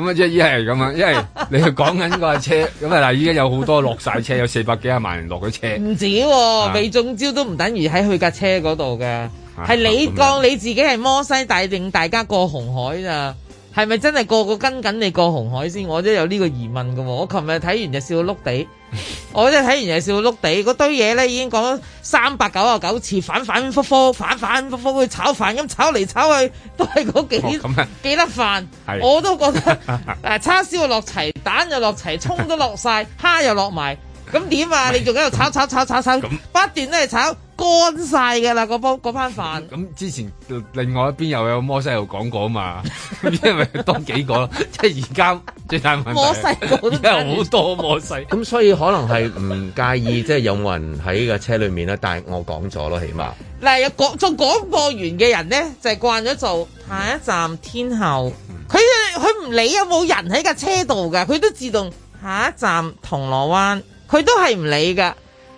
咁啊， 即係咁啊，因為你講緊架車，咁啊嗱，依家有好多落晒車，有四百幾啊萬人落咗車。唔止喎、哦，未、啊、中招都唔等於喺佢架車嗰度嘅，係你當你自己係摩西帶定大家過紅海咋、啊？係咪真係個個跟緊你過紅海先？我都有呢個疑問喎。我琴日睇完就笑到碌地。 我真係睇完又笑碌地，嗰堆嘢咧已經講咗三百九啊九次，反反复覆反反复复去炒飯，咁炒嚟炒去都係嗰幾、哦、幾粒飯，我都覺得誒 叉燒又落齊，蛋 又落齊，葱都落晒，蝦又落埋。咁點啊？你仲喺度炒炒炒炒炒，不斷都係炒，炒乾晒嘅啦！嗰煲嗰班飯。咁之前另外一邊又有摩西又講過嘛？ 因為係多幾個咯？ 即係而家最大問題，而家好多摩西。咁所以可能係唔介意，即 係有冇人喺架車裏面啦，但係我講咗咯，起碼。嗱，做廣播員嘅人咧就係、是、慣咗做下一站天后，佢佢唔理有冇人喺架車度噶，佢都自動下一站銅鑼灣。佢都係唔理噶，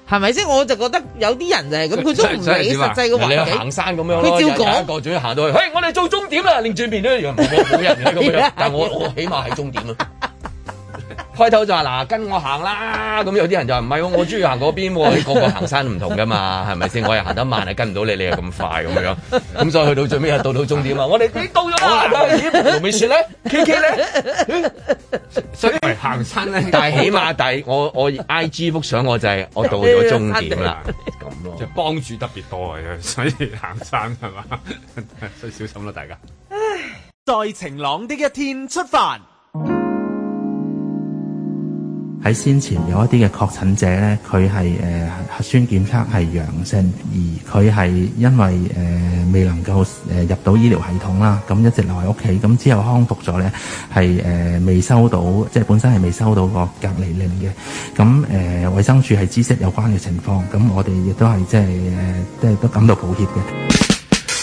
係咪先？我就覺得有啲人就係咁，佢都唔理實際嘅環境。你去行山咁樣，佢照講個，終於行到去。嘿、hey，我哋做終點啦，你對面咧又冇人樣， 但係我我起碼係終點啦。 開頭就話嗱，跟我行啦，咁有啲人就話唔係，我中意行嗰邊，你 個個行山唔同噶嘛，係咪先？我又行得慢，又跟唔到你，你又咁快咁樣，咁 所以去到最尾又到到終點嘛。 我哋已經到咗啦，咦， 部未說咧，K K 咧，所以行山咧，但係起碼，但係我我 I G 幅相我就係我到咗終點啦，咁咯，就幫住特別多所以行山係嘛，所以小心啦，大家。 在晴朗的一天出發。喺先前有一啲嘅確診者咧，佢係誒核酸檢測係陽性，而佢係因為誒、呃、未能夠誒、呃、入到醫療系統啦，咁一直留喺屋企，咁之後康復咗咧，係誒、呃、未收到，即係本身係未收到個隔離令嘅。咁誒衞生署係知悉有關嘅情況，咁我哋亦都係即係誒都感到抱歉嘅。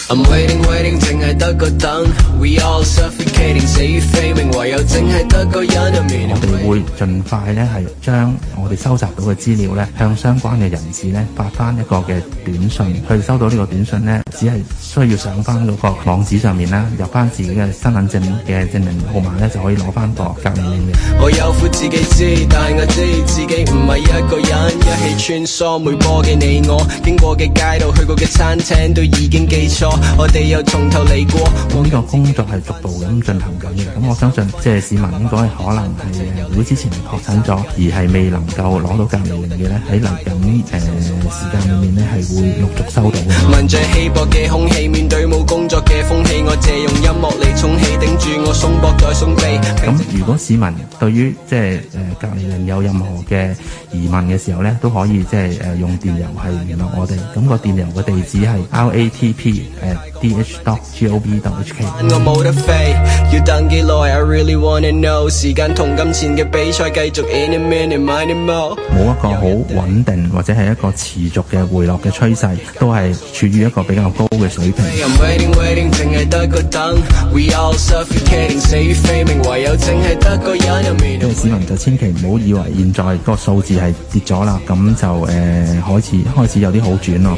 i'm waiting waiting 淨係得個等 we all suffocating 死於非命，唯有淨係得個人，人我哋會盡快呢係將我哋收集到嘅資料呢向相關嘅人士呢發翻一個嘅短信，佢收到呢個短信呢只係需要上翻個網址上面啦，入翻自己嘅身份證嘅證明號碼呢就可以攞翻個隔離令。我有苦自己知，但我知自己唔係一個人，一起穿梭每波嘅你我經過嘅街道、去過嘅餐廳都已經記錯我哋又從頭嚟過。呢個工作係逐步咁進行緊嘅，咁我相信即係市民應該可能係會之前係確診咗，而係未能夠攞到隔離令嘅咧，喺嚟緊誒時間裏面咧係會陸續收到嘅。咁、呃、如果市民對於即係誒、呃、隔離令有任何嘅疑問嘅時候咧，都可以即係誒、呃、用電郵係聯絡我哋，咁，個電郵嘅地址係 r a t p。冇一個好穩定或者係一個持續嘅回落嘅趨勢，都係處於一個比較高嘅水平。即係市民就千祈唔好以為現在個數字係跌咗啦，咁就誒開始開始有啲好轉咯。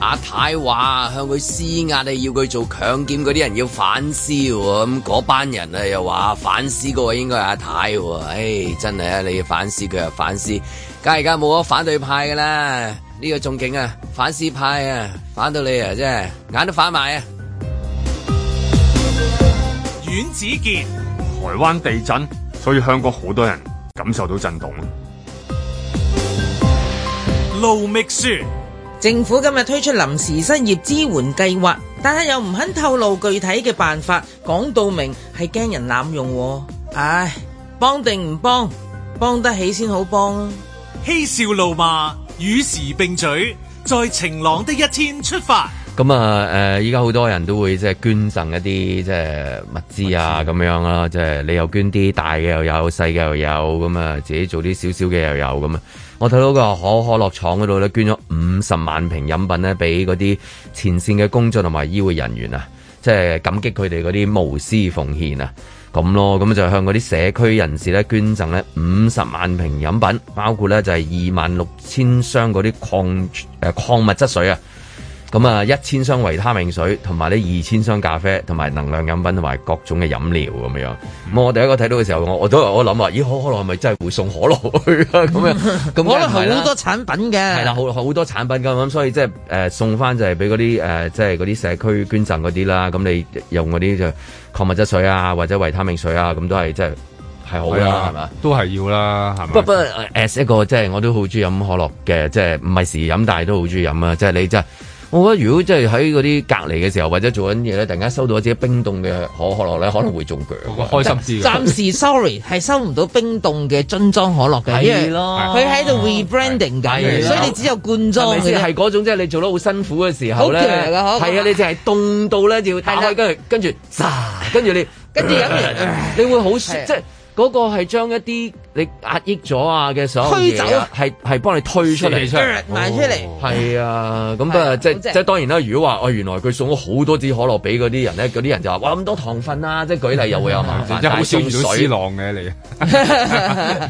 阿太話向佢施壓，你要佢做強檢，嗰啲人要反思喎。咁嗰班人啊，又話反思過，應該係阿太喎。唉，真係啊，你要反思佢又反思，梗係而家冇咗反對派噶啦。呢個仲勁啊，反思派啊，反到你啊，真係眼都反埋啊。阮子健，台灣地震，所以香港好多人感受到震動。盧覓雪政府今日推出臨時失業支援計劃，但係又唔肯透露具體嘅辦法，講到明係驚人濫用。唉，幫定唔幫？幫得起先好幫啊。嬉笑怒罵，與時並舉，在晴朗的一天出發。咁啊，誒，依家好多人都會即係捐贈一啲即係物資啊，咁樣啦，即係你又捐啲大嘅又有，細嘅又有，咁啊，自己做啲少少嘅又有，咁啊。我睇到個可可樂廠嗰度咧捐咗五十萬瓶飲品咧俾嗰啲前線嘅工作同埋醫護人員，即係感激佢哋嗰啲無私奉獻。咁囉，咁就向嗰啲社區人士咧捐贈咧五十萬瓶飲品，包括呢就係二萬六千箱嗰啲礦、呃、礦物質水。咁啊，一千箱維他命水同埋呢二千箱咖啡，同埋能量飲品同埋各種嘅飲料咁樣。咁、嗯、我第一個睇到嘅時候，我都我都我諗話：咦，可可樂係咪真係會送可樂去啊？咁樣可能好多產品嘅，係啦，好好多產品咁咁所以即、就、係、是呃、送翻就係俾嗰啲誒即係嗰啲社區捐贈嗰啲啦。咁你用嗰啲就礦物質水啊，或者維他命水啊，咁都係即係係好啦，係嘛？都係要啦，係嘛？不不，as 一個即係、就是、我都好中意飲可樂嘅，即係唔係時飲，但係都好中意飲啊！即、就、係、是、你即係。就是我覺得如果即係喺嗰啲隔離嘅時候，或者做緊嘢咧，突然間收到一隻冰凍嘅可可樂咧，可能會中腳。我覺得開心啲。暫時 sorry，係收唔到冰凍嘅樽裝可樂嘅。咯，佢喺度 rebranding 緊，所以你只有罐裝嘅。係嗰種即係、就是、你做得好辛苦嘅時候咧，係啊，你淨係凍到咧，要打開跟住，跟住，跟住你跟住飲完、呃呃，你會好即係。嗰、那個係將一啲你壓抑咗啊嘅手推走，係係幫你推出嚟，出嚟，賣出嚟，係啊咁、嗯啊，嗯嗯、啊即即係當然啦。如果話我原來佢送咗好多支可樂俾嗰啲人咧，嗰啲人就話哇咁多糖分啦、啊，即係舉例又會有麻煩，但好少遇到絲浪嘅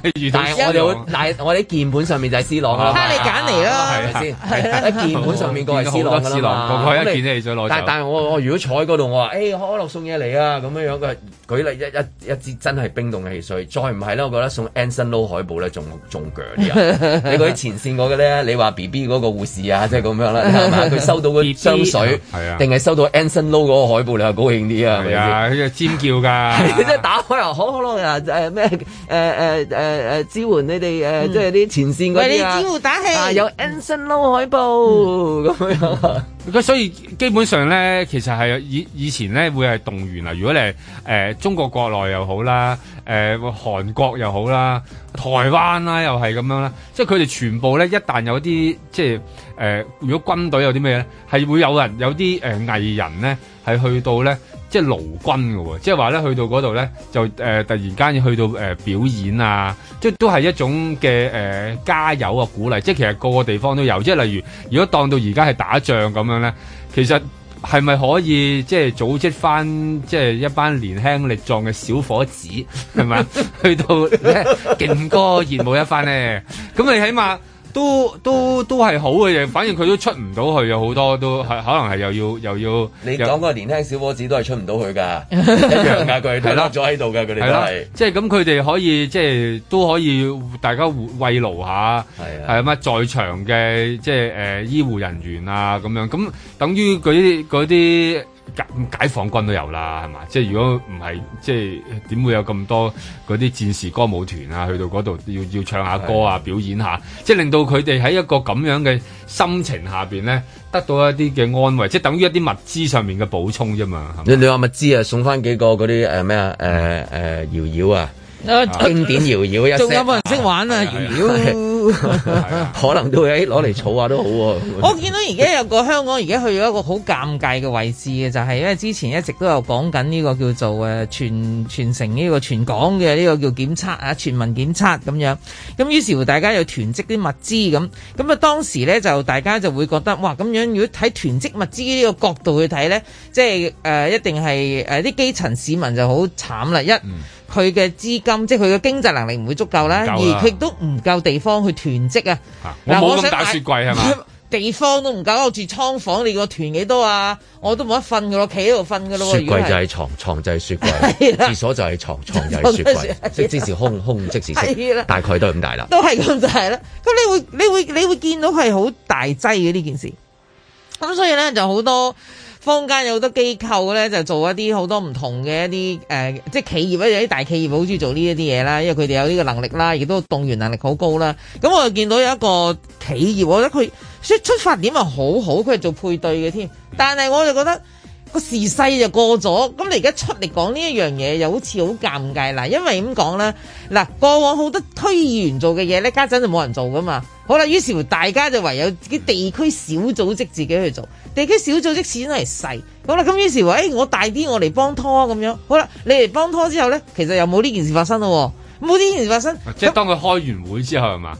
你 。但我哋會，但我啲鍵盤上面就係絲浪啦、 啊啊。哈、啊啊啊啊啊、你揀嚟啦，係咪先喺鍵盤上面個係絲浪啦。但係我如果坐喺嗰度，我話可樂送嘢嚟啊咁樣樣，佢舉例一一支真係冰凍嘅。再唔係咧，我覺得送 Anson Lo 海報咧，仲仲鋸啲啊！你嗰啲前線嗰啲咧，你話 B B 嗰個護士啊，即係咁樣啦，佢 收到嗰、 啊 呃呃呃呃、支香水、呃嗯啊，啊，定係收到 Anson Lo 嗰個海報，你話高興啲啊？係啊，佢就尖叫噶，即係打開又好，好咯，誒咩？誒誒誒支援你哋誒，即係啲前線嗰啲啊，有 Anson Lo 海報咁樣。嗯。所以基本上咧，其實係以以前咧會係動員啊。如果你係、呃、中國國內又好啦，誒、呃、韓國又好啦，台灣啦又係咁樣啦，即係佢哋全部咧，一旦有啲即係誒、呃，如果軍隊有啲咩咧，係會有人有啲誒、呃、藝人咧，係去到咧。即係勞軍喎，即係話咧去到嗰度咧就誒、呃、突然間要去到誒、呃、表演啊，即係都係一種嘅誒、呃、加油啊鼓勵，即係其實個個地方都有，即係例如如果當到而家係打仗咁樣咧，其實係咪可以即係組織返即係一班年輕力壯嘅小伙子係咪？ 去到呢勁歌熱舞一番咧，咁你起碼。都都都係好嘅嘢，反正佢都出唔到去，有好多都係可能係又要又要。你講個年輕小伙子都係出唔到去噶， 一樣噶佢哋，係咯，咗喺度㗎。佢哋，係咯、就是，即係咁佢哋可以即係都可以，大家慰勞下，係係咁啊，在場嘅即係誒、呃、醫護人員啊咁樣，咁等於嗰啲嗰啲。解，解放軍都有啦，係嘛？即係如果唔係，即係點會有咁多嗰啲戰士歌舞團啊？去到嗰度要要唱下歌啊，表演下，是即係令到佢哋喺一個咁樣嘅心情下面咧，得到一啲嘅安慰，即係等於一啲物資上面嘅補充啫嘛。你你話物資啊，送翻幾個嗰啲誒咩啊？誒誒搖搖啊，經典搖搖，仲、啊、有冇人識玩啊搖搖 可能都係攞嚟儲下都好喎，啊。 我見到而家有個香港，而家去咗一個好尷尬嘅位置嘅，就係因為之前一直都有講緊呢個叫做誒全全城呢，呢個全港嘅呢個叫檢測啊全民檢測咁樣咁於是乎大家又囤積啲物資咁。咁啊當時咧就大家就會覺得哇咁樣如果睇囤積物資呢個角度去睇咧，即係誒一定係誒啲基層市民就好慘啦。一佢嘅資金即係佢嘅經濟能力唔會足夠啦，而佢都唔夠地方。我囤積啊，冇咁大雪櫃係嘛，地方都唔夠。我住倉房，你個團幾多啊？我都冇得瞓噶咯，企喺度瞓噶咯。雪櫃就係床，床就係雪櫃，廁所就係床，床就係雪櫃，即即時空空即時息，大概都係咁大啦。都係咁就係啦。咁你會你會你會，你會見到係好大劑嘅呢件事。咁所以咧就好多。坊間有好多機構咧，就做一啲好多唔同嘅一啲誒、呃，即係企業咧，有啲大企業好中意做呢一啲嘢啦，因為佢哋有呢個能力啦，亦都動員能力好高啦。咁我就見到有一個企業，我覺得佢出出發點係好好，佢係做配對嘅添。但係我就覺得個時勢就過咗，咁你而家出嚟講呢一樣嘢，又好似好尷尬嗱。因為噉講咧？嗱，過往好多區議員做嘅嘢咧，家陣就冇人做噶嘛。好啦，於是乎大家就唯有自己地區小組織自己去做，嗯、地區小組織始終係細。好啦，咁於是話，誒、欸，我大啲，我嚟幫拖咁樣。好啦，你嚟幫拖之後咧，其實又冇呢件事發生咯，冇呢件事發生。即係當佢開完會之後係嘛？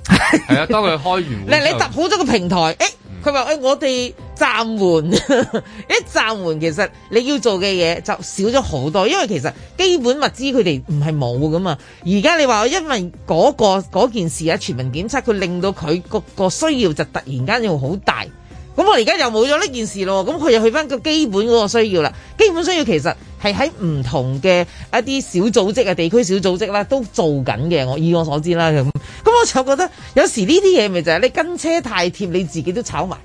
係 啊，當佢開完會之後。會 你你搭好咗個平台，欸佢話，誒，我哋暫緩 一暫緩，其實你要做嘅嘢就少咗好多，因為其實基本物資佢哋唔係冇噶嘛。而家你話，因為嗰個嗰件事啊，全民檢測，佢令到佢個個需要就突然間要好大。咁我而家又冇咗呢件事咯，咁佢又去返個基本嗰個需要啦。基本需要其實係喺唔同嘅一啲小組織啊、地區小組織啦，都做緊嘅。我以我所知啦，咁咁我就覺得有時呢啲嘢咪就係你跟車太貼，你自己都炒埋。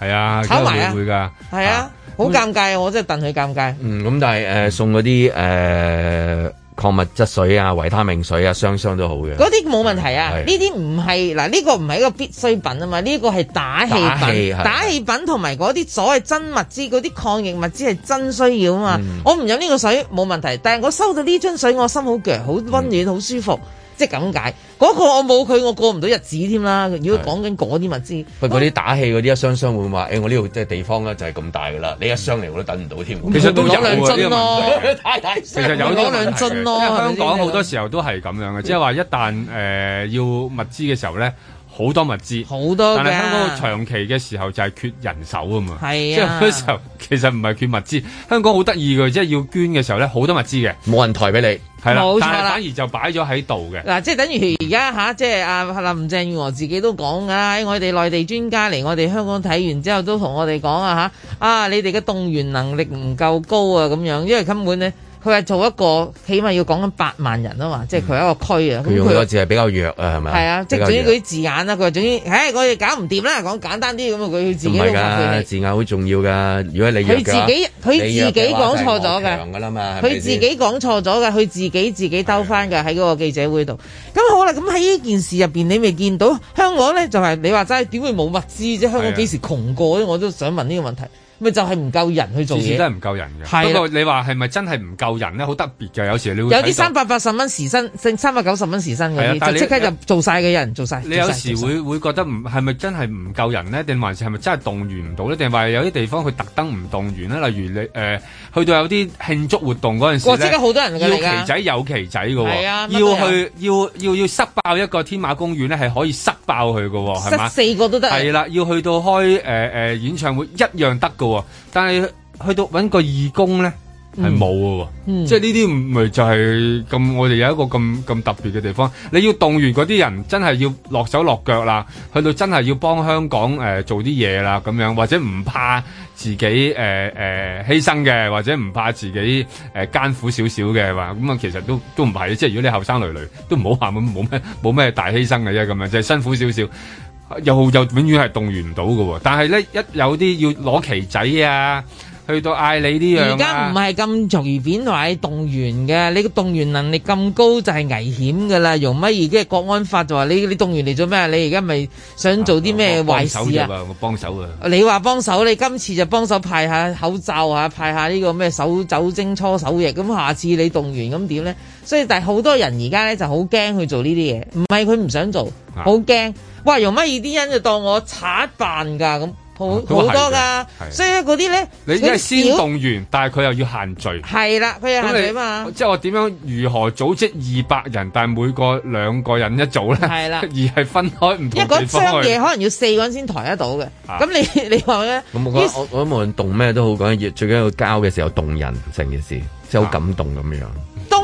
係啊，炒埋啊，會㗎，係啊，好尷尬，我真係戥佢尷尬。嗯，咁但係、呃、送嗰啲誒。呃礦物質水啊、維他命水啊，雙雙都好嘅。嗰啲冇問題啊，呢啲唔係嗱，呢、這個唔係一個必需品啊嘛，呢、這個係打氣品。打氣品同埋嗰啲所謂真物資，嗰啲抗疫物資係真需要啊嘛。嗯、我唔飲呢個水冇問題，但係我收到呢樽水，我心好腳好溫暖，好、嗯、舒服。即係咁解，嗰、那個我冇佢，我過唔到日子添啦。如果講緊嗰啲物資，佢嗰啲打氣嗰啲一箱箱會話，誒、哎、我呢度即係地方咧就係咁大㗎啦。你一箱嚟我都等唔到添、嗯。其實都有兩樽，其實有攞兩樽咯。香港好多時候都係咁樣嘅，即係話一旦誒、呃、要物資嘅時候咧。好多物資，好多嘅，但係香港長期嘅時候就係缺人手啊嘛，係啊，即係嗰時候其實唔係缺物資，香港好得意嘅，即係要捐嘅時候咧，好多物資嘅，冇人抬俾你係啦，但係反而就擺咗喺度嘅。嗱，即係等於而家吓，即係阿林鄭月娥自己都講噶啦，我哋內地專家嚟我哋香港睇完之後都同我哋講啊吓啊，你哋嘅動員能力唔夠高啊，咁樣，因為根本咧。佢係做一個起碼要講緊八萬人啊嘛，即係佢一個區啊。佢用個字係比較弱啊，係咪啊？係啊，即係總之佢啲字眼啦。佢話總之，唉、哎，我哋搞唔掂啦。講簡單啲咁啊，佢自己字眼好重要㗎。如果你佢自己佢自己講錯咗㗎，佢自己講錯咗㗎，佢自己自己兜翻㗎。喺嗰個記者會度。咁好啦，咁喺呢件事入邊，你未見到香港咧，就係你話齋點會冇物資啫？香港幾、就是、時窮過？我都想問呢個問題。咪就係唔夠人去做嘢，始終都係唔夠人嘅。不過你話係咪真係唔夠人咧？好特別嘅，有時你會有啲三百八十蚊時薪，剩三百九十蚊時薪嘅，即刻就做晒嘅人做晒。你有時會會覺得唔係咪真係唔夠人呢？定還是係咪真係動員唔到呢？定係話有啲地方佢特登唔動員呢？例如你誒、呃、去到有啲慶祝活動嗰陣時咧，即刻好多人㗎，要旗仔有旗仔嘅喎，要去要要要塞爆一個天馬公園咧，係可以塞爆佢嘅喎，係嘛？四個都得係啦，要去到開誒誒、呃呃、演唱會一樣得嘅。但係去到揾個義工咧係冇嘅喎，即係呢啲咪就係咁，我哋有一個咁咁特別嘅地方。你要動員嗰啲人，真係要落手落腳啦，去到真係要幫香港誒、呃、做啲嘢啦，咁樣或者唔怕自己誒誒、呃呃、犧牲嘅，或者唔怕自己誒、呃、艱苦少少嘅話，咁啊其實都都唔係。即係如果你後生女女，都唔好喊，冇咩冇咩大犧牲嘅啫，咁樣即係、就是、辛苦少少。又又永遠係動員唔到㗎喎，但係咧一有啲要攞旗仔啊～去到嗌你呢樣，而家唔係咁隨便話你動員嘅，你個動員能力咁高就係、是、危險噶啦。容乜易嘅國安法就話你，你動員嚟做咩？你而家咪想做啲咩壞事啊？幫手啊！我幫手啊！你話幫手，你今次就幫手派下口罩啊，派下呢個咩手酒精搓手液。咁下次你動員咁點咧？所以但係好多人而家咧就好驚去做呢啲嘢，唔係佢唔想做，好、啊、驚。哇！容乜易啲人就當我拆彈㗎咁。好好多噶、啊，所以嗰啲咧，你即係先動員，但係佢又要限聚。係啦，佢要限聚嘛。即係我點樣如何組織二百人，但係每個兩個人一組咧？係啦，而係分開唔同地方。一個一箱嘢，可能要四個人先抬得到嘅。咁、啊、你你話咧？我我我無論動咩都好，講，要最緊要交嘅時候動人成件事，啊、即係好感動咁樣。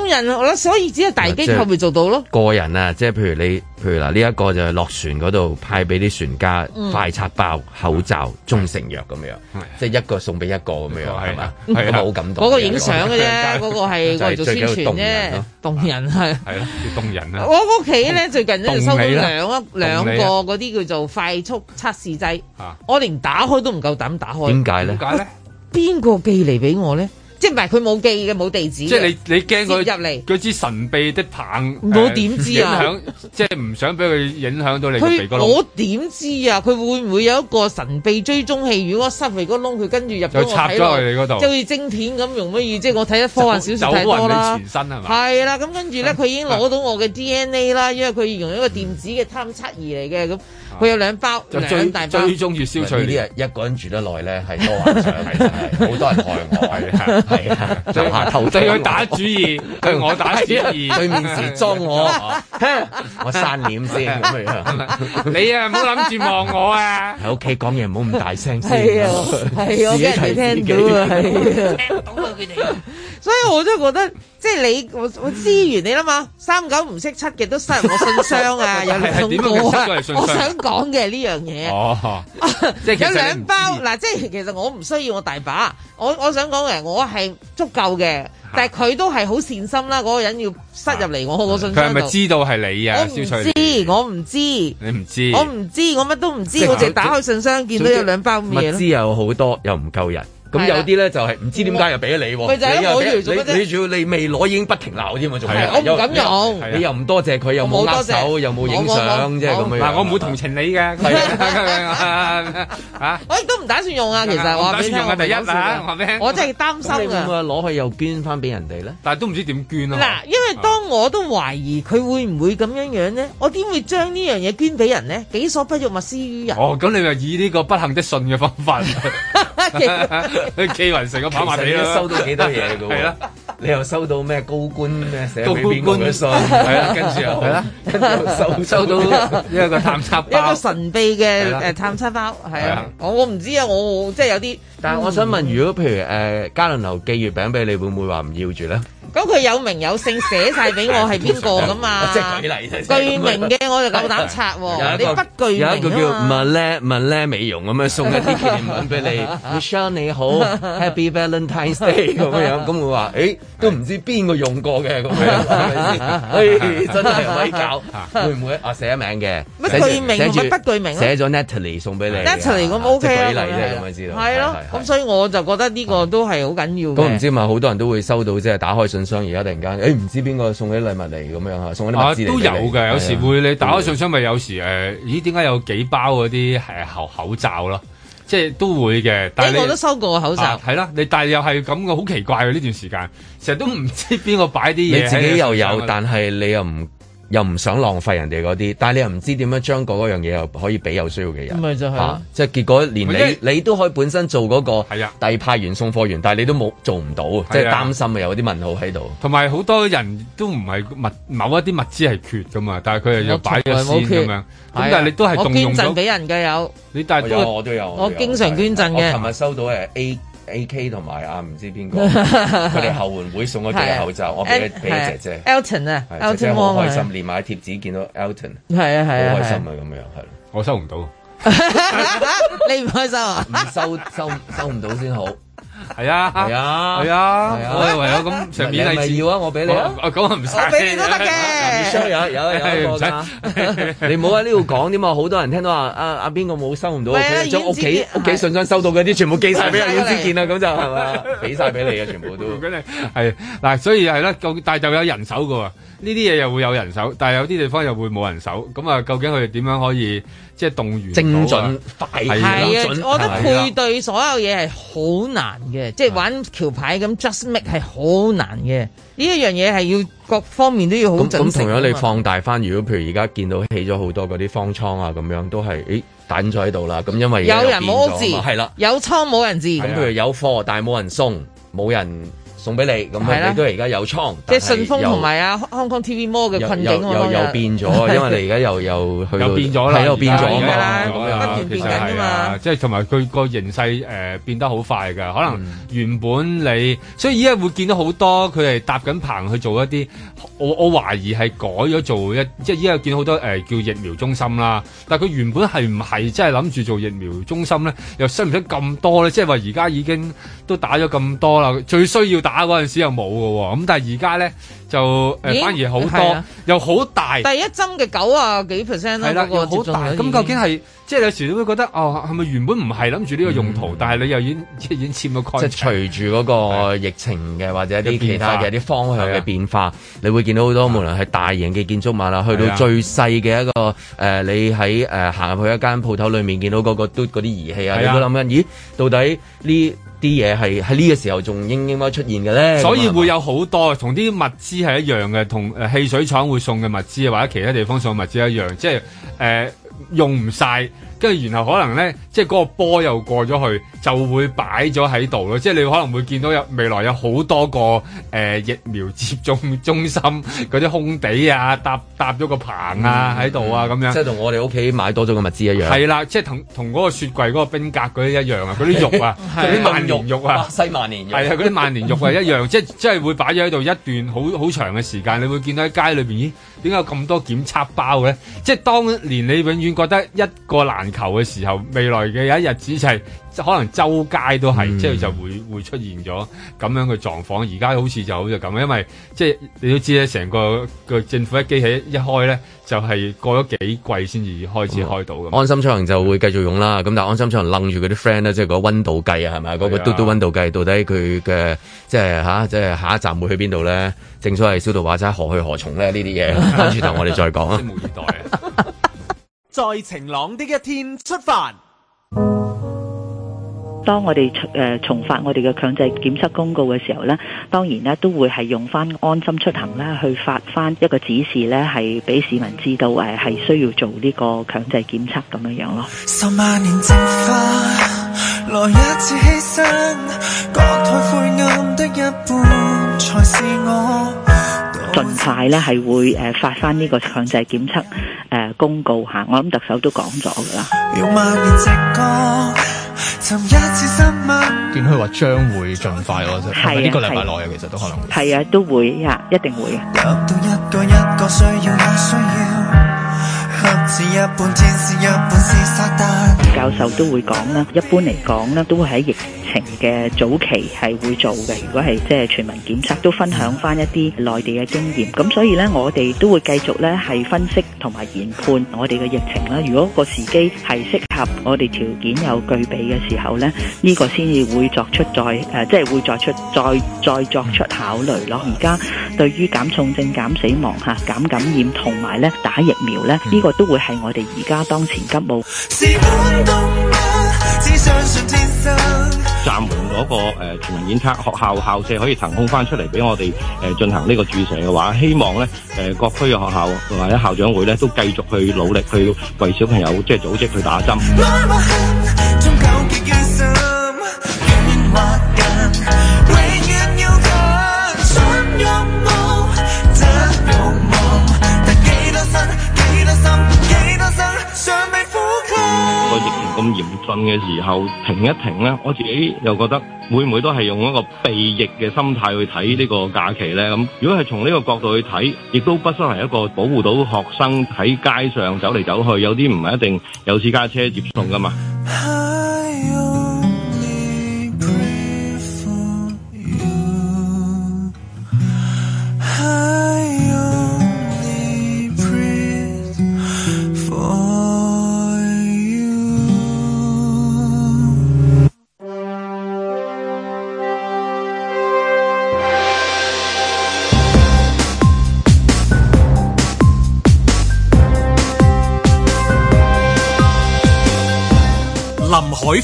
我諗、啊，所以只係大機構會做到咯。個人啊，即係譬如你，譬如嗱，呢一個就係落船嗰度派俾啲船家快測包、嗯、口罩、中成藥咁樣，嗯、即係一個送俾一個咁樣，係嘛？咁啊好感動、啊。嗰、那個影相嘅啫，嗰 個係我做宣傳啫、就是啊，動人係、啊。係 咯，要動人啊。我屋企咧最近咧就收到兩一兩個嗰啲叫做快速測試劑。我連打開都唔夠膽打開。點解咧？點解咧？邊個寄嚟俾我咧？即係唔係佢冇記嘅冇地址，即係你你驚佢入嚟，佢支神秘的棒，呃、我點知啊？ 影響即係唔想俾佢影響到你嘅鼻哥窿，我點知啊？佢會唔會有一個神秘追蹤器？如果我塞入個窿，佢跟住入就插咗喺你嗰度，就好似晶片咁容乜易？即係我睇得科幻小說太多啦，全身係咪？係啦，咁跟住咧，佢、嗯嗯嗯、已經攞到我嘅 DNA 啦，因為佢用一個電子嘅探測儀嚟嘅咁。佢有兩包，就最大最中意消除呢日一個人住得耐咧，係多幻想，係 好多人害我係係啊！ 就下頭對佢打主意對，對我打主意，對，對面時裝我， 我生 關臉先 你啊，唔好諗住望我啊！喺屋企講嘢唔好咁大聲，係 啊，係、啊、 我真係聽到啊，聽到佢哋。所以我都覺得，即係你我我支援你啦嘛，三九唔識七嘅都塞入我信箱啊， 有嚟送貨啊，我 想、 啊。 講嘅呢樣嘢，哦，即 有兩包嗱，即係其實我唔需要我大把，我我想講嘅我係足夠嘅、啊，但係佢都係好善心啦，嗰、嗰個人要塞入嚟我個信箱。佢係咪知道係你啊？我唔知，我唔知，我唔知。你唔知？我唔知，我乜都唔知。我淨係打開信箱，見到有兩包咁嘢。物資好多，又唔夠人。咁有啲咧、啊、就係、是、唔知點解又俾咗你喎，你又你你主要你未攞已經不停鬧添喎，仲係、啊、我唔敢用，你又唔、啊啊啊、多謝佢，又冇握手，又冇影相，即係咁樣。嗱，我唔會同情你嘅，我 亦是、啊、 都唔打算用啊，其實我打算用嘅第一啊，我真係擔心啊，攞去又捐翻俾人哋咧，但係都唔知點捐啊。嗱，因為當我都懷疑佢會唔會咁樣樣咧、啊，我點會將呢樣嘢捐俾人咧？己所不欲，勿施於人。哦，咁你咪以呢個不幸的信嘅方法。K 雲成個跑馬地都收到幾多嘢嘅啦，你又收到咩高官咩寫俾邊個嘅信？係 啦、啊，跟住又係啦， 啊、收收到一個探測包，一個神秘嘅誒探測包係啊，啊，啊！我唔知啊，我即係、就是、有啲。但係我想問、嗯，如果譬如誒嘉麟樓寄月餅俾你，你會唔會話唔要住咧？咁佢有名有姓寫晒俾我係邊個㗎嘛？即係舉例，就是、具名嘅我就夠膽拆喎。 有一個你不具名、啊、有一個叫 Mila l e Mila l e 美容咁樣，樣送一啲紀念品俾你。 Michelle 你好 ，Happy Valentine's Day 咁樣咁會話，誒都唔知邊個用過嘅咁樣，真係可以搞。係會唔會 啊？寫名嘅，寫名寫住不具名、啊，寫咗 Natalie 送俾你。Natalie 咁 OK 啊？舉例啫咁樣知道。係 咯 、啊，咁所以我就覺得呢個都係好緊要嘅。唔知咪好多人都會收到即係打開信。而家突然間，誒、欸、唔知邊個送啲禮物嚟咁樣嚇，送啲物資嚟、啊、都有嘅，有時會你打開信箱咪、哎、有，有時誒，咦點解有幾包嗰啲誒厚口罩咯？即係都會嘅，但係我都收過個口罩。係啦、欸啊，你但係又係咁嘅，好奇怪喎呢段時間，成日都唔知邊個擺啲嘢。你自己又有，但係你又唔。又唔想浪費人哋嗰啲，但你又唔知點樣將嗰樣嘢又可以俾有需要嘅人。咁咪就係、係就係啊，即係結果連你你都可以本身做嗰、嗰個，係啊，遞派員送貨員，但你都冇做唔到，啊、即係擔心有啲問號喺度。同埋好多人都唔係物某一啲物資係缺嘅嘛，但係佢係要擺咗先咁樣。咁、啊、但係你都係動用咗俾人嘅有。你帶有我都有，我都有，我經常捐贈嘅。我琴日收到 A。A K 同埋啊，唔知邊個，佢哋後援會送我幾個口罩， 我俾俾、啊、姐姐，Elton 啊，Elton, Elton、姐姐好開心，連埋貼紙，見到 Elton，係啊，係好開心啊咁樣，係我收唔到， 你唔開心啊？唔收收收唔到先好。係啊係啊係啊，啊，啊、嗯啊，嗯嗯嗯嗯、啊！我啊，唯有咁上面例子，要啊我俾你啊，咁啊唔使我俾你都得嘅。 有有有有 啊、你唔好喺呢度講啲嘛，好多人聽到話啊啊邊個冇收唔到，佢將屋企屋企信箱收到嘅啲全部寄晒俾阿袁之健啦，咁就係嘛，俾晒俾你嘅全部都。咁你係嗱，所以係啦，但係就有人手㗎喎。呢啲嘢又會有人手，但係有啲地方又會冇人手。咁啊，究竟佢哋點樣可以？即係動員精準快係啊，啊，啊！我覺得配對所有嘢係好難嘅，啊，即係玩橋牌咁，啊、just make 係好難嘅。呢一，啊、樣嘢係要各方面都要好準。咁咁同樣你放大翻，如果譬如而家見到起咗好多嗰啲方艙啊，咁樣都係咦，彈咗喺度啦。咁因為有，有人冇屋住啦，啊，有倉冇人住，咁，啊、譬如有貨，但係冇人送，冇人。送俾你咁啊！你都而家有倉，即係順豐同埋啊香港 TV Mall 嘅困境，又又，又，又變咗，因為你而家又又去到又變咗啦，又變咗啦，不斷變緊啊嘛！即係同埋佢個形勢誒、呃、變得好快㗎，可能原本你，嗯、所以而家會見到好多佢哋搭緊棚去做一啲，我我懷疑係改咗做一，即係而家見到好多、呃、叫疫苗中心啦，但佢原本係唔係真係諗住做疫苗中心咧？又需唔使咁多咧？即係話而家已經都打咗咁多啦，最需要打嗰陣時又冇嘅喎，咁但係而家咧就誒反而好多，又好大。第一針嘅九啊幾 percent 係啦，好、那個、大。咁究竟係。即係有時你會覺得哦，係咪原本唔係諗住呢個用途，嗯、但係你又已經，即係已經簽咗蓋。即係隨住嗰個疫情嘅或者啲其他嘅啲方向嘅變化，你會見到好多，無論係大型嘅建築物啦，去到最細嘅一個誒、呃，你喺誒、呃、行入去一間鋪頭裏面見到嗰、那個都嗰啲儀器啊，你會諗緊，咦？到底呢啲嘢係喺呢個時候仲應唔應該出現嘅咧？所以會有好多同啲物資係一樣嘅，同汽水廠會送嘅物資或者其他地方送物資一樣，即係誒。呃用唔曬。跟然後可能咧，即係嗰個波又過咗去，就會擺咗喺度咯。即係你可能會見到有未來有好多個誒、呃、疫苗接種中心嗰啲空地啊，搭搭咗個棚啊喺度啊咁、嗯、樣。即係同我哋屋企買多咗個物資一樣。係啦、啊，即係同同嗰個雪櫃嗰、那個冰格嗰啲一樣啊，嗰啲肉啊，嗰啲萬肉肉啊，西萬年肉係啊，嗰啲萬年肉啊，肉年肉啊，年肉啊 一樣，即係即係會擺咗喺度一段好好長嘅時間。你會見到喺街裏面咦，點解有咁多檢測包嘅？即係當年你永遠覺得一個難。求嘅時候，未來嘅一日只就係、是、可能周街都係，即、嗯、係就會會出現咗咁樣嘅狀況。而家好似就好似咁，因為即係、就是、你都知咧，成個個政府一機器一開咧，就係、是、過咗幾季先至開始開到嘅、嗯嗯。安心出行就會繼續用啦。咁、嗯、但係安心出行楞住佢啲 friend 咧，即係、就是、個溫度計啊，係、那、咪、個？嗰個嘟嘟溫度計到底佢嘅即係嚇，即、就、係、是啊就是、下一站會去邊度咧？正所謂小道話齋何去何從咧？呢啲嘢跟住頭， 我哋再講啊！拭目以待啊！ 在晴朗的一天出發。當我哋重發我哋嘅強制檢測公告嘅時候呢，當然都會係用翻安心出行咧，去發翻一個指示呢，係俾市民知道誒係需要做呢個強制檢測咁樣樣咯。十萬年盡快咧係會誒發翻呢個強制檢測誒公告吓，我諗特首都講咗㗎啦。見佢話將會盡快喎，即係呢個禮拜內啊，其實都可能會。係啊，都會啊，一定會嘅。教授都會講啦，一般嚟講咧，都會喺疫情嘅早期係會做嘅。如果係即係全民檢測，都分享翻一啲內地嘅經驗。咁所以呢，我哋都會繼續呢係分析同埋研判我哋嘅疫情啦。如果個時機係適合，我哋條件有具備嘅時候呢，呢個先至會作出再誒、呃，即係會作出再再作出考慮咯。而家對於減重症、減死亡吓、減感染同埋咧打疫苗呢，呢個都會。係我哋而家當前急務。暫緩嗰、嗰個全民檢測，學校校舍可以騰空返出嚟俾我哋誒、呃、進行呢個注射嘅話，希望咧誒、呃、各區嘅學校同埋咧校長，會咧都繼續去努力去為小朋友即係組織去打針。媽媽咁嚴峻嘅時候停一停咧，我自己又覺得會唔會都係用一個避疫嘅心態去睇呢個假期咧？咁如果係從呢個角度去睇，亦都不失為一個保護到學生喺街上走嚟走去，有啲唔係一定有私家車接送噶嘛。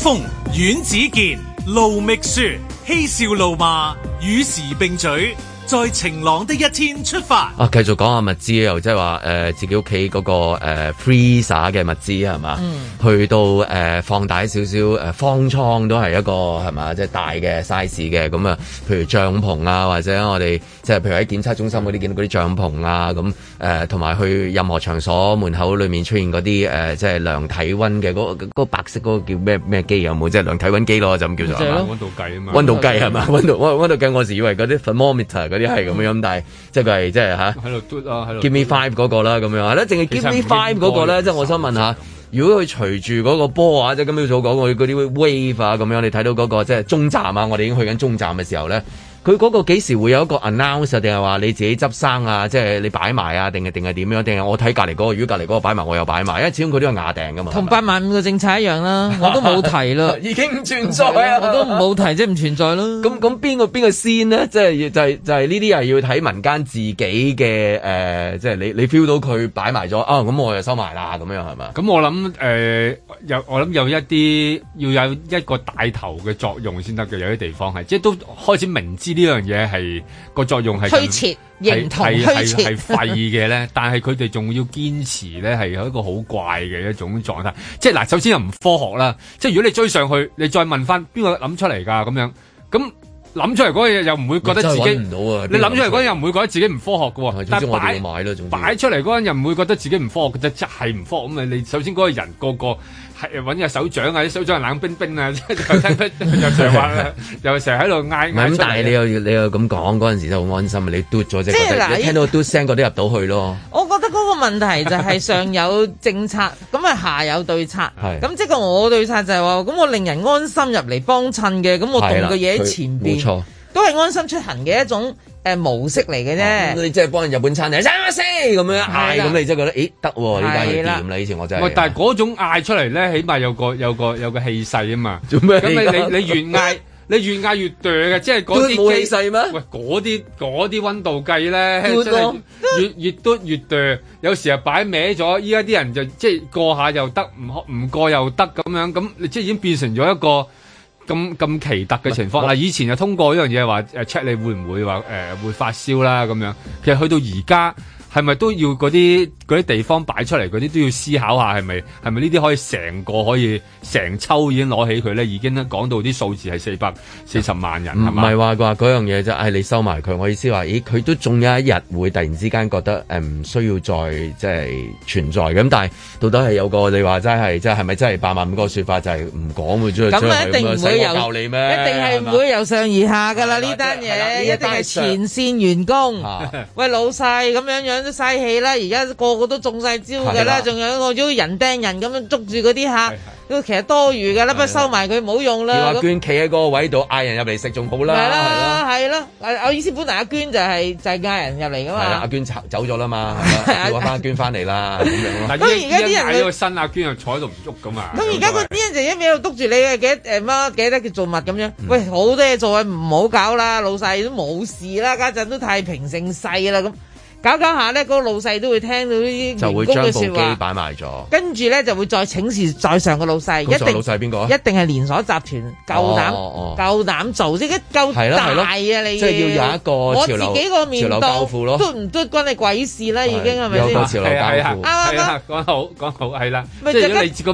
風阮子健盧覓雪，嬉笑怒罵與時並舉。在晴朗的一天出發啊！繼續講下物資，又即係話誒自己屋企、嗰個誒、呃、freezer 嘅物資係嘛？嗯，去到誒、呃、放大少少誒、呃、方艙都係一個係嘛？即係、就是、大嘅 size 嘅咁啊，譬如帳篷啊，或者我哋即係譬如喺檢測中心啲、嗯、見到啲帳篷啊咁，誒同埋去任何場所門口裏面出現啲誒即係量體溫嘅、嗰個嗰個白色、嗰個叫咩咩機有冇？即係量體溫機咯，就咁、係嘛、叫做溫度計啊嘛，溫度計係嘛？溫度溫溫度計我時以為啲 thermometer 啲係咁樣，但係即係佢係即係吓喺度 give me five 嗰個啦咁樣，咧淨係 give me five 嗰、啊嗰個咧，即係、嗰個嗰個、我想問下，如果佢隨住嗰個波啊，即係今朝早講過佢嗰啲 wave 啊咁樣，你睇到嗰、嗰個即係中站啊，我哋已經去緊中站嘅時候咧。佢嗰個幾時會有一個 announce 定係話你自己執生啊？即係你擺埋啊？定係定係點樣定係我睇隔離個，如果隔籬嗰個擺埋，我又擺埋。因為始終佢都係牙定噶嘛。同八萬五個政策一樣啦 ，我都冇提啦，已經唔存在啊！我都冇提啫，唔存在咯。咁咁邊個邊個先咧？即係就係、是、就係呢啲係要睇民間自己嘅誒即係你你 feel 到佢擺埋咗啊，咁我就收埋啦，咁樣係咪？咁我諗誒、呃、有我諗有一啲要有一個帶頭嘅作用先得嘅，有啲地方係即係都開始明知。呢呢樣嘢係個作用係推切係係係廢嘅咧。 但係佢哋仲要堅持咧，係有一個好怪嘅一種狀態。即係嗱，首先又唔科學啦。即係如果你追上去，你再問翻邊個諗出嚟噶咁樣咁。諗出嚟嗰嘢又唔會覺得自己，諗唔到啊！你諗出嚟嗰陣又唔會覺得自己唔科學噶喎，但擺擺出嚟嗰陣又唔會覺得自己唔科學，即真係唔科學咁你首先嗰個人個個係揾嘅手掌啊，啲手掌冷冰冰啊， 又成日喺度嗌，但係你又你又咁講嗰陣時真好安心啊！你嘟咗即係你，你聽到嘟聲啲入到去咯，嗰、那個問題就係上有政策，咁 啊下有對策。咁即個我對策就係話，咁我令人安心入嚟幫襯嘅，咁我做個嘢喺前邊，都係安心出行嘅一種誒、呃、模式嚟嘅啫。你即係幫人日本餐廳，先生咁樣嗌，咁你真係覺得，咦得喎呢家係啦。以前我真係、哦，但係嗰種嗌出嚟咧，起碼有個有個有個有個氣勢啊嘛。 做咩什麼？咁 你你你越嗌。你越嗌越對嘅，即係嗰啲機勢咩？喂，嗰啲嗰啲溫度計咧，越說越嘟越對，有時又擺歪咗。依家啲人就即係過下又得，唔唔過又得咁樣。咁你即係已經變成咗一個咁咁奇特嘅情況啦。以前就通過呢樣嘢話誒 check 你會唔會話誒、呃、會發燒啦咁樣。其實去到而家。係咪都要嗰啲嗰啲地方擺出嚟嗰啲都要思考下，係咪係咪呢啲可以成個可以成抽已經攞起佢咧？已經咧講到啲數字係四百四十萬人，唔係話啩嗰樣嘢就係你收埋佢。我意思話，咦佢都仲有一日會突然之間覺得唔、嗯、需要再即係存在咁，但係到底係有個你話齋係即係係咪真係八萬五個說法就係唔講咁一定唔會由一定係唔會由上而下㗎啦！呢單嘢一定係前線員工， 喂老細咁樣樣。嘥氣啦！而家個個都中晒招㗎啦，仲有個咗人掟人咁樣捉住嗰啲客。其實多餘㗎啦，不如收埋佢冇用啦。阿娟企喺個位度嗌人入嚟食仲好啦，係咯係咯係咯，阿我意思，本嚟阿娟就係就係嗌人入嚟㗎嘛。係啦，阿娟走咗啦嘛，叫翻阿娟翻嚟啦咁樣咯。咁而家啲人睇個新阿娟又坐喺度唔捉咁啊。咁而家佢啲人就一味喺度督住你嘅幾誒乜幾多件做物咁樣、嗯？喂，好多嘢做啊，唔好搞啦，老細都冇事啦，家陣都太平盛世啦咁。搞搞下咧，個、那個老細都會聽到啲員工嘅説話，就會將部機擺埋咗。跟住咧就會再請示再上個老細，一定老、啊、一定係連鎖集團夠、啊啊，夠膽，啊、夠膽做先、啊，夠大啊，啊！你啊即係要有一個潮流，我自己個面教都唔都關你鬼事啦，已經係咪先？有個潮流教父。阿威哥，講好講好，係啦、啊。即、就、係、是啊就是、面你個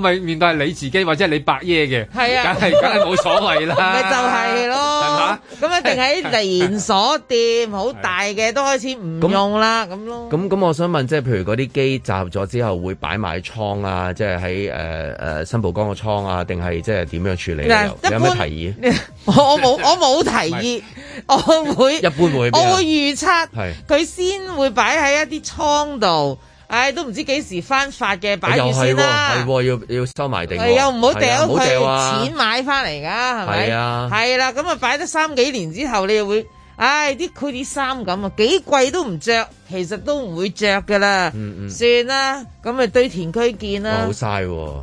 面袋係你自己或者係你伯爺嘅，係啊，梗係梗係冇所謂啦。咪 就係咯咁一定喺連鎖店好大嘅都。開始唔用啦，咁咯。咁咁，我想問，即係譬如嗰啲機集咗之後，會擺埋倉啊？即係喺誒誒新蒲崗個倉啊？定係即係點樣處理咧？有咩提議？ 我冇，我冇提議。我會 一般會，我會預測，係佢先會擺喺一啲倉度。誒、哎，都唔知幾時翻發嘅，擺住先啦、啊。喎、啊啊，要要，要收埋定係！又唔好掉佢、啊啊、錢買翻嚟噶，係咪？係！啊。係啦，咁啊，擺得三幾年之後，你又會。唉、哎，啲佢啲衫咁啊，幾貴都唔着，其實都唔會着噶啦。嗯嗯，算啦，咁咪堆填區見啦。冇嘥喎，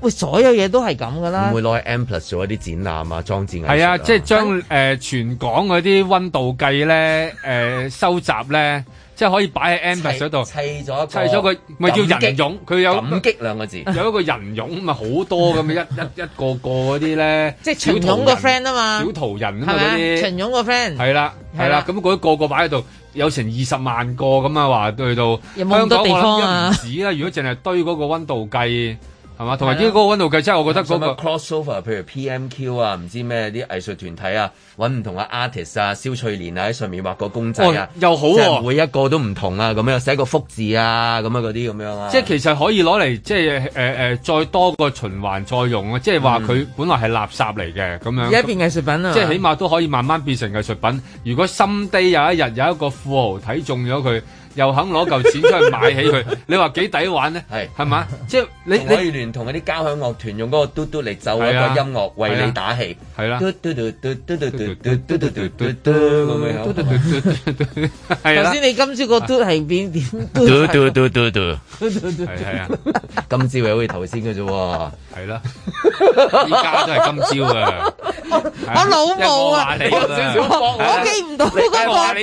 喂，所有嘢都係咁噶啦。唔會攞去 M+ 做一啲展覽啊，裝置啊？係啊，即、就、係、是、將誒、呃、全港嗰啲温度計咧、呃，收集咧。 即係可以擺喺 M 百上度，砌咗砌咗佢。唔係叫人俑，佢有感激兩個字，有一個人俑，咪好多咁一一一個個嗰啲咧，即係秦俑個 friend 啊嘛，小陶人啊嘛嗰啲，秦俑個 friend，係啦係啦，咁嗰啲個個擺喺度，有成二十萬個咁啊話，去到，香港我諗已經唔止啦，如果淨係堆嗰個温度計。係嘛？同埋呢嗰個溫度計真係，我覺得嗰、那個嗯、個 crossover，譬如 PMQ 啊，唔知咩啲藝術團體啊，揾唔同嘅 artist 啊，蕭翠蓮啊喺上面畫個公仔啊，哦、又好喎、啊，每一個都唔同啊，咁樣寫一個福字啊，咁啊嗰啲咁樣啊，即係其實可以攞嚟，即係、呃、再多個循環再用啊，即係話佢本來係垃圾嚟嘅咁樣，嗯、一片藝術品啊，即係起碼都可以慢慢變成藝術品。如果心底有一日有一個富豪睇中咗佢。又肯攞嚿錢出去買起佢，你話幾抵玩呢？係，係嘛？即係你可以聯同嗰啲交響樂團用嗰個嘟嘟嚟奏一個音樂為你打氣，係啦。嘟嘟嘟嘟嘟嘟嘟嘟嘟嘟嘟嘟嘟嘟嘟嘟。頭先你今朝個嘟係邊邊？嘟嘟嘟嘟嘟。係係啊，今朝係好似頭先嘅啫喎。係啦，依家都係今朝啊！我老母啊，我少少忘記唔到嗰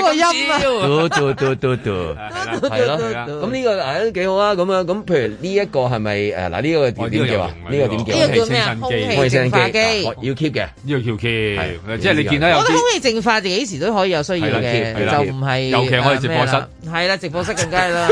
個音。做做做做做係咯，咁呢個誒都幾好啊！咁啊，咁譬如呢一個係咪誒嗱呢個點點叫啊？呢個點叫清新機、空氣淨化機要 keep 嘅，呢個要 keep 係。即係你見到有啲空氣淨化，就幾時都可以有需要嘅，就唔係。尤其我哋直播室係啦，直播室更加啦。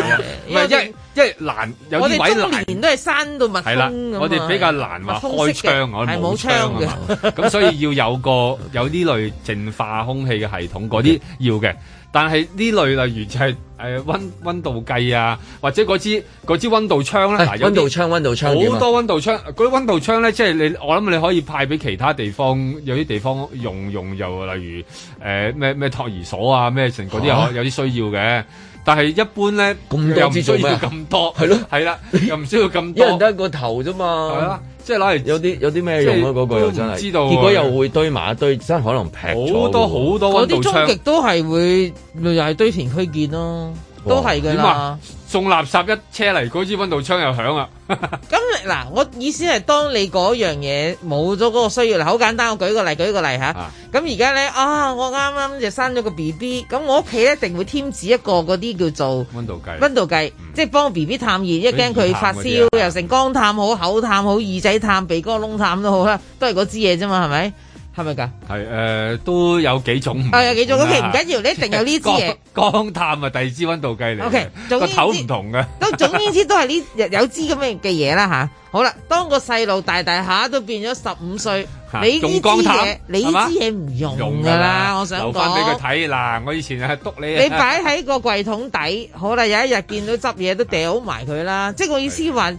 因為因為難有啲位年都係閂到密封。係啦，我哋比較難話開窗，我哋冇窗嘅，咁所以要有個有呢類淨化空氣嘅系統，嗰啲要嘅。但係呢類例如就係誒溫溫度計啊，或者嗰支嗰支溫度槍咧，溫度槍溫度槍好多溫度槍嗰啲溫度槍咧，即係你我諗你可以派俾其他地方，有啲地方用用又例如誒咩咩託兒所啊咩成嗰啲有啲、啊、需要嘅，但係一般咧又唔需要咁多，係咯係啦， 又唔需要咁多， 一人得一個頭啫嘛。即係攞嚟有啲有啲咩用啊？嗰個又真係，結果又會堆埋一堆，真係可能平好多好多溫度槍，有啲終極都係會又係堆填區建咯，都係噶啦。送垃圾一車嚟，嗰支溫度槍又響啦。咁 嗱，我意思係當你嗰樣嘢冇咗嗰個需要啦。好簡單，我舉個例，舉個例吓。咁而家咧啊，我啱啱就生咗個 B B，咁我屋企咧一定會添置一個嗰啲叫做溫度計，溫度計、嗯，即係幫 B B 探熱、嗯，一驚佢發燒，又成肛探好、口探好、耳仔探、鼻哥窿探都好啦，都係嗰支嘢啫嘛，係咪？係咪噶？係誒、呃，都有幾種唔係，啊啊、有幾種？O K 唔緊要，你一定有呢支嘢。光探啊，第二支溫度計嚟。O K，個頭唔同嘅。 都總之都係呢有支咁樣嘅嘢啦吓。好啦，當個細路大大下、啊、都變咗十五歲，你呢支嘢，你呢支嘢唔用用噶啦。我想留翻俾佢睇嗱，我以前係督你。你擺喺個櫃桶底，好啦，有一日見到執嘢 都掉埋佢啦。即係我意思話。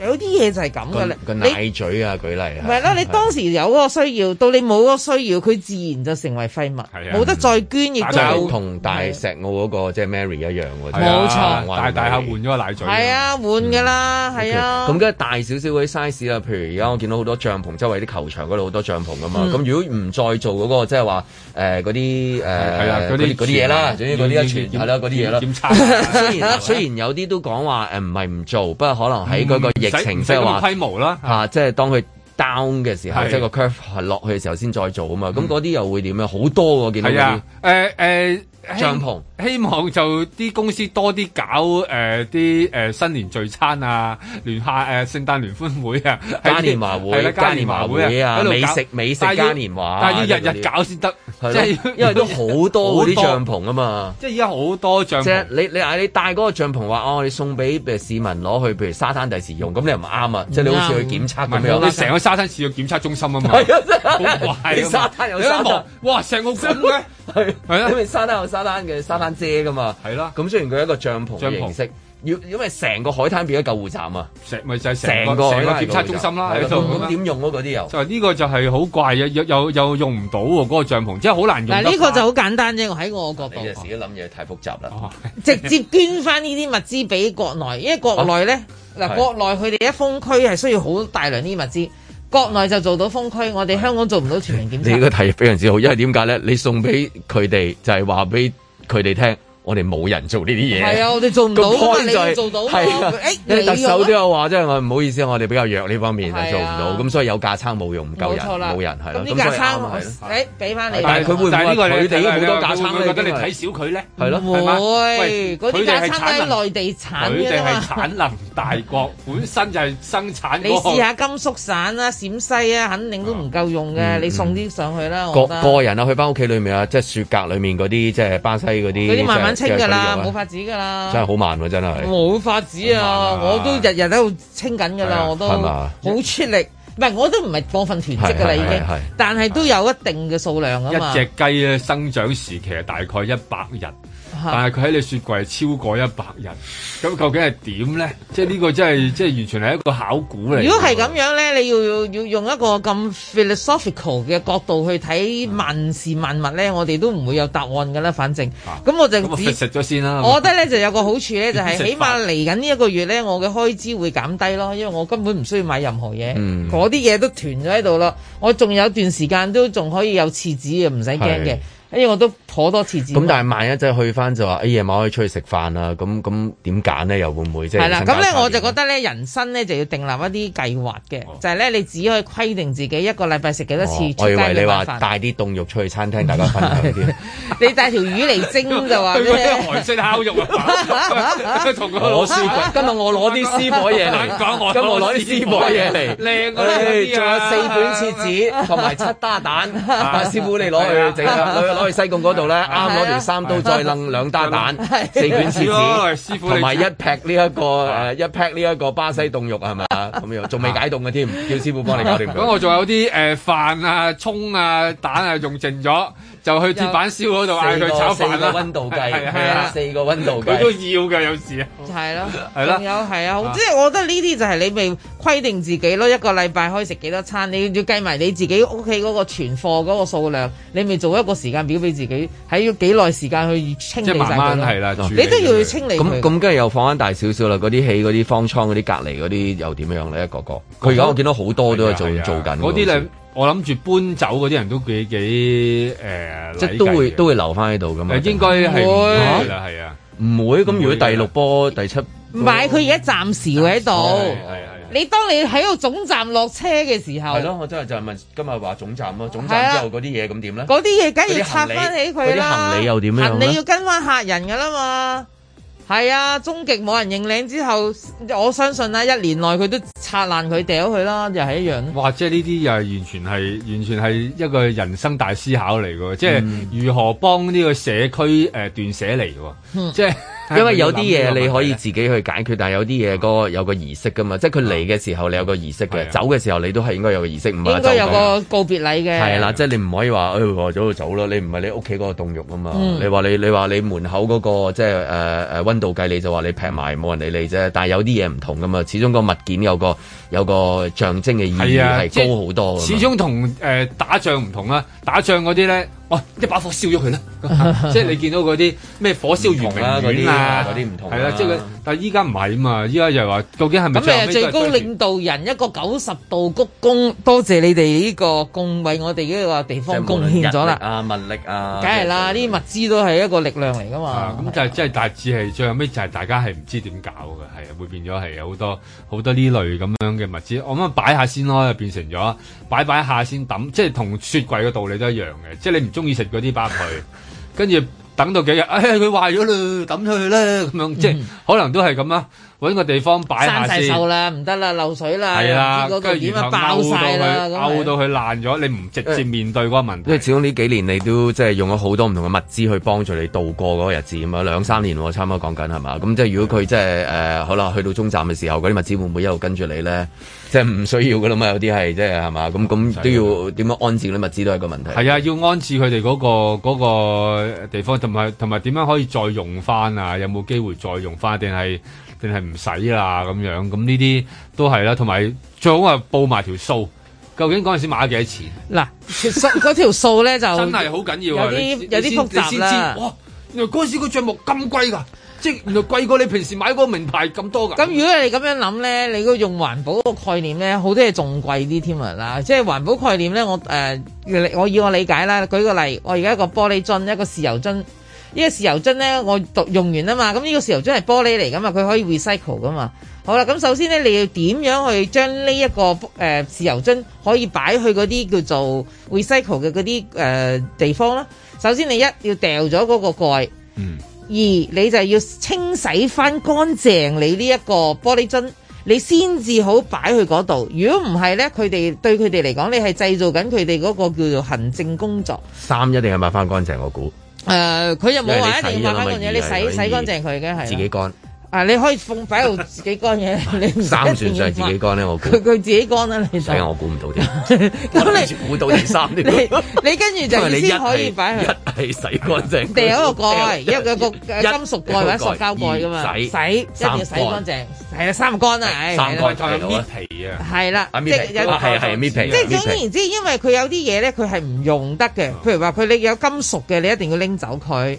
有啲嘢就係咁噶啦，個奶嘴啊，舉例啊，唔係啦，你當時有個需要，到你冇個需要，佢自然就成為廢物，冇得、啊、再捐、嗯、亦就係同大石澳嗰、嗰個、啊、即係 Mary 一樣喎，冇錯，大大口換咗個奶嘴。係啊，換噶啦，係、嗯、啊。咁跟住大少少嘅 size 啦，譬如而家我見到好多帳篷，周圍啲球場嗰度好多帳篷㗎嘛。咁、嗯、如果唔再做嗰、嗰個即係話。就是誒嗰啲誒係啦，嗰啲嗰啲嘢啦，總之嗰啲一串係啦，嗰啲嘢啦。雖然、啊、雖然有啲都講話誒唔係唔做，不 過可能喺嗰個疫情即係話規模啦吓，即、啊、係、啊就是、當佢。down 嘅時候，即係、就是、個 curve 係落去嘅時候先再做啊嘛，咁嗰啲又會點樣？好多喎，見到啲。係啊，誒誒，帳篷希望就啲公司多啲搞誒啲誒新年聚餐啊，聯下誒聖誕聯歡會啊，嘉年華會嘉年華會啊，嘉年華會啊，美食美食嘉年華，但係要日日搞先得，係、就、咯、是， 因為都好多嗰啲帳篷啊嘛，即係而家好多帳篷，即係你你啊你帶嗰個帳篷話哦，你送俾市民攞去，譬如沙灘第時用，咁你又唔啱啊，嗯、即係你好似去檢測咁、嗯、樣，樣沙灘市嘅檢測中心啊嘛，係啊係，沙灘有沙漠，哇，成屋咁嘅，係係因為沙灘有沙灘嘅 沙灘遮噶嘛，係啦，咁雖然佢一個帳篷形式，篷要因為成個海灘變咗救護站啊，咪就係、是、成個，個一個，個檢測中心啦，咁點用嗰、啊、啲又！就係呢個就係好怪又又又用唔到嗰個帳篷，即係好難用。嗱呢個就好簡單啫，喺我角度，你係自己諗嘢太複雜啦、啊，直接捐翻呢啲物資俾國內，因為國內咧嗱、啊，國內佢哋一封區係需要好大量呢啲物資。國內就做到封區，我哋香港做唔到全民檢測。你呢個提議非常之好，因為點解咧？你送俾佢哋，就係話俾佢哋聽。我哋冇人做呢啲嘢。係啊，我哋做唔到。個開就做到。係啊，誒、欸，特首都有話啫嘛。唔好意思，我哋比較弱呢方面，係、啊、做唔到。咁所以有架撐冇用，唔夠人，冇人係。咁啲架撐誒俾翻你。但係佢會唔會佢哋好多架撐？會會覺得你睇少佢咧，係咯。唔會、啊。佢哋係產能，佢哋係產能大國，大國 本身就係生產、啊。你試下甘肅省啦、啊、陝西啊， 肯定都唔夠用嘅、嗯。你送啲上去啦。嗯、個個人啊，去翻屋企裏面啊，即係雪隔裏面嗰啲，即係巴西嗰啲。清噶啦，冇法子噶啦，真係好慢喎、啊，真係冇法子啊！我都日日喺度清緊噶啦，我都好、啊、出力，唔係、啊、我都唔係過份囤積噶啦、啊、已經，是啊是啊是啊、但係都有一定嘅數量啊嘛。一隻雞咧，生長時期係大概一百日。但係佢喺你雪櫃超過一百人，咁究竟係點咧？即係呢個真係即係完全係一個考古嚟。如果係咁樣咧，你要要，要用一個咁 philosophical 嘅角度去睇萬事萬物咧，我哋都唔會有答案噶啦。反正，咁、啊、我就我食咗先啦。我覺得咧就有個好處咧，就係、是、起碼嚟緊呢一個月咧，我嘅開支會減低咯，因為我根本唔需要買任何嘢。嗰啲嘢都囤咗喺度咯，我仲有段時間都仲可以有廁紙嘅，唔使驚嘅。哎，我都攞多廁紙。咁但係萬一真係去翻就話，哎，夜晚可以出去食飯啊，咁咁點揀呢？又會唔會即係？係啦，咁咧我就覺得咧，人生咧就要訂立一啲計劃嘅，哦，就係、是、咧你只可以規定自己一個禮拜食幾多次，哦？我以為你話帶啲凍肉出去餐廳 大家分享啲。你帶條魚嚟蒸就話咩？對， 啲韓式烤肉啊，跟 住 我攞絲，跟我攞啲師傅嘢嚟講， 我跟我攞啲師傅嘢嚟，靚 仲、哎啊哎、有四本廁紙同埋七打蛋，阿、 啊、師傅你攞去整 去西貢嗰度咧，啱攞條衫都再擸兩打蛋，啊啊、四卷餈紙，同埋、啊啊、一劈呢一個誒、啊啊，一劈呢一個巴西凍肉係咪？咁、啊、樣仲未解凍嘅添，叫師傅幫你搞掂。咁我仲有啲誒飯啊、葱啊、蛋、嗯、啊用剩咗。啊就去鐵板燒嗰度嗌佢炒飯，四個温度計，係、啊啊啊啊啊、四個温度計，佢都要㗎。有時係咯，係啦、啊，啊啊、有係啊,啊，即係我覺得呢啲就係你咪規定自己咯、啊，一個禮拜可以食幾多餐？你要計埋你自己屋企嗰個存貨嗰個數量，你咪做一個時間表俾自己，喺要幾耐時間去清理曬。即係慢慢係啦、啊啊，你都要去清理。咁、嗯、咁，跟、嗯、住、嗯、又放翻大少少啦，嗰啲起嗰啲方艙嗰啲隔離嗰啲又點樣咧？一個個，佢而家我見到好多都係做、啊啊、做緊嗰啲我諗住搬走嗰啲人都幾幾誒，即係都會都會，都會留翻喺度㗎嘛。應該係係啊係啊，唔會。咁如果第六波、第七波，唔係，佢而家暫時會喺度。係你當你喺個總站落車嘅時候，係咯。我真係就係問，今日話總站咯，總站之後嗰啲嘢，咁點咧？嗰啲嘢梗係要拆翻起佢啦。嗰啲行，行李又點樣？行李要跟翻客人噶啦嘛。係啊，終極冇人認領之後，我相信啦，一年內佢都拆爛佢掉佢啦，又係一樣哇！即係呢啲又完全係完全係一個人生大思考嚟嘅，嗯、即係如何幫呢個社區誒、呃、斷捨離喎，嗯、即因為有啲嘢你可以自己去解決，但有啲嘢個有個儀式噶嘛，即係佢嚟嘅時候你有個儀式嘅、啊，走嘅時候你都係應該有個儀式，唔係應該有個告別禮嘅。係啦，即係你唔可以話我早就走咯，你唔係你屋企嗰個凍肉啊嘛。嗯、你話你你話你門口嗰、那個即係誒誒溫度計，你就話你劈埋冇人理你啫。但有啲嘢唔同噶嘛，始終個物件有個有個象徵嘅意義係高好多、啊。始終同打仗唔同啦，打仗嗰啲咧。哦、啊，一把火燒咗佢啦，即 係你見到嗰啲咩火燒圓、啊、明園啊嗰啲唔同、啊，係啦、啊，即、就、佢、是，但係依家唔係啊嘛，依家就係話究竟係咪？咁咩最高領導人一個九十度鞠躬，多謝你哋呢個貢，為我哋呢個地方貢獻咗啦。就是、啊物力啊，梗係啦，呢啲物資都係一個力量嚟㗎嘛。咁、啊、就即、是、係、啊、大致係最後尾就係大家係唔知點搞㗎，係、啊、會變咗係好多好多呢類咁樣嘅物資，我咁樣擺下先咯，變變成咗擺擺下先抌，即係同雪櫃嘅道理都一樣嘅，即係你唔。中意食嗰啲包佢，跟住等到幾日，哎，佢壞咗嘞，抌出去啦，咁樣即係、嗯、可能都係咁啦。揾個地方擺晒啦，唔得啦，漏水啦，係啦，跟住然後爆晒啦，爆到佢爛咗，你唔直接面對嗰個問題。因為始終呢幾年你都即係用咗好多唔同嘅物資去幫助你度過嗰個日子啊嘛，兩三年我差唔多講緊係嘛，咁即係如果佢即係誒、呃、好啦，去到終站嘅時候，嗰啲物資會唔會一路跟住你咧？即係唔需要噶啦嘛，有啲係即係係嘛，咁咁都要點樣安置啲物資都係一個問題。係啊，要安置佢哋嗰個嗰個地方，同埋同埋點樣可以再用翻啊？有冇機會再用翻？定係？定係唔使啦咁樣，咁呢啲都係啦，同埋最好啊，報埋條數，究竟嗰陣時買咗幾多錢？嗱，其實嗰條數咧就真係好緊要，有啲有啲複雜啦。哇，原來嗰陣時個帳目咁貴噶，即係原來貴過你平時買嗰個名牌咁多噶。咁如果你咁樣諗咧，你用環保個概念咧，好多嘢仲貴啲添啊啦，即係環保概念咧，我誒、呃、我以我理解啦，舉個例，我而家一個玻璃樽，一個豉油樽。這個、豉呢個豉油樽咧，我讀用完啊嘛，咁、這、呢個豉油樽係玻璃嚟噶嘛，佢可以 recycle 噶嘛。好啦，咁首先咧，你要點樣去將呢一個誒豉、呃、油樽可以擺去嗰啲叫做 recycle 嘅嗰啲誒地方啦？首先，你一要掉咗嗰個蓋、嗯，二你就要清洗翻乾淨你呢一個玻璃樽，你先至好擺去嗰度。如果唔係咧，佢哋對佢哋嚟講，你係製造緊佢哋嗰個叫做行政工作。三一定係抹翻乾淨，我估。誒佢又冇話一定要慢慢做嘢，你洗洗乾淨佢嘅，係自己乾啊！你可以放喺度自己乾嘢。三算就係自己乾咧，我佢佢自己乾啦。你估， 我估唔到啫。咁 你估到二三？你你跟住就先可以擺去一係、嗯、洗乾淨。第一,一個蓋，因為有個金屬蓋或者塑膠蓋噶嘛。洗洗,洗一定要洗乾淨。係啊，三乾啊，唉。三蓋再搣皮啊。係啦，即係有啲。啊即總言之，因為佢有啲嘢咧，佢係唔用得嘅。譬如話，佢你有金屬嘅，你一定要拎走佢。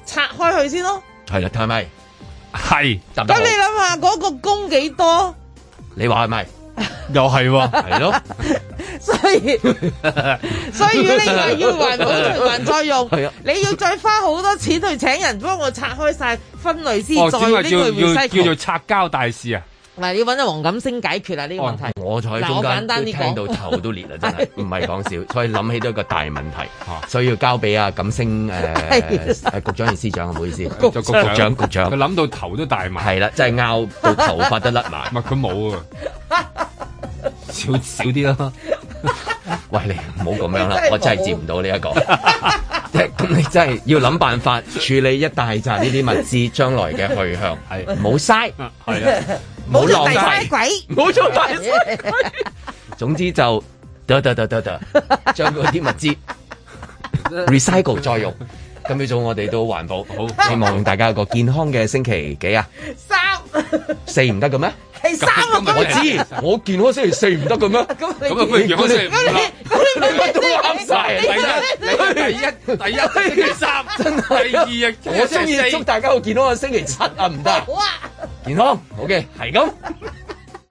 拆開佢先咯，係啦，係咪？係。咁你諗下嗰個工幾多？你話係咪？ 又係是喎、啊，係 咯是的。 所以，所以你話要環保，還再用， 你要再花好多錢去請人幫我拆開晒分類先，再呢個唔使。叫做拆膠大師啊！嗱，你要揾阿黃錦星解決啊呢個問題。啊、我坐喺中間都聽到頭都裂啦，真係唔係講笑。 所以諗起咗一個大問題，啊、所以要交俾阿、啊、錦星誒、呃、 局長定司長唔好意思，就局長局長。佢諗到頭都大埋。係啦，真係拗到頭髮都甩埋。唔係佢冇啊，少少啲啦。 喂，你唔好咁樣啦，我真係接唔到呢、這、一個。咁， 你真係要諗辦法處理一大扎呢啲物資將來嘅去向，係冇嘥，係啦。啊冇浪費，冇做大衰鬼，冇做大衰 總之就，得得得得得，將嗰啲物資 recycle 再用。今朝早我哋都環保，好希望大家有個健康嘅星期幾啊？三、四唔得嘅咩？係三個，我知，我健康星期四唔得嘅咩？咁你樣都唔啱，你兩個都啱曬。第一，第一星期三，真係我中意祝大家個健康星期七啊，唔得。健康，OK，係咁。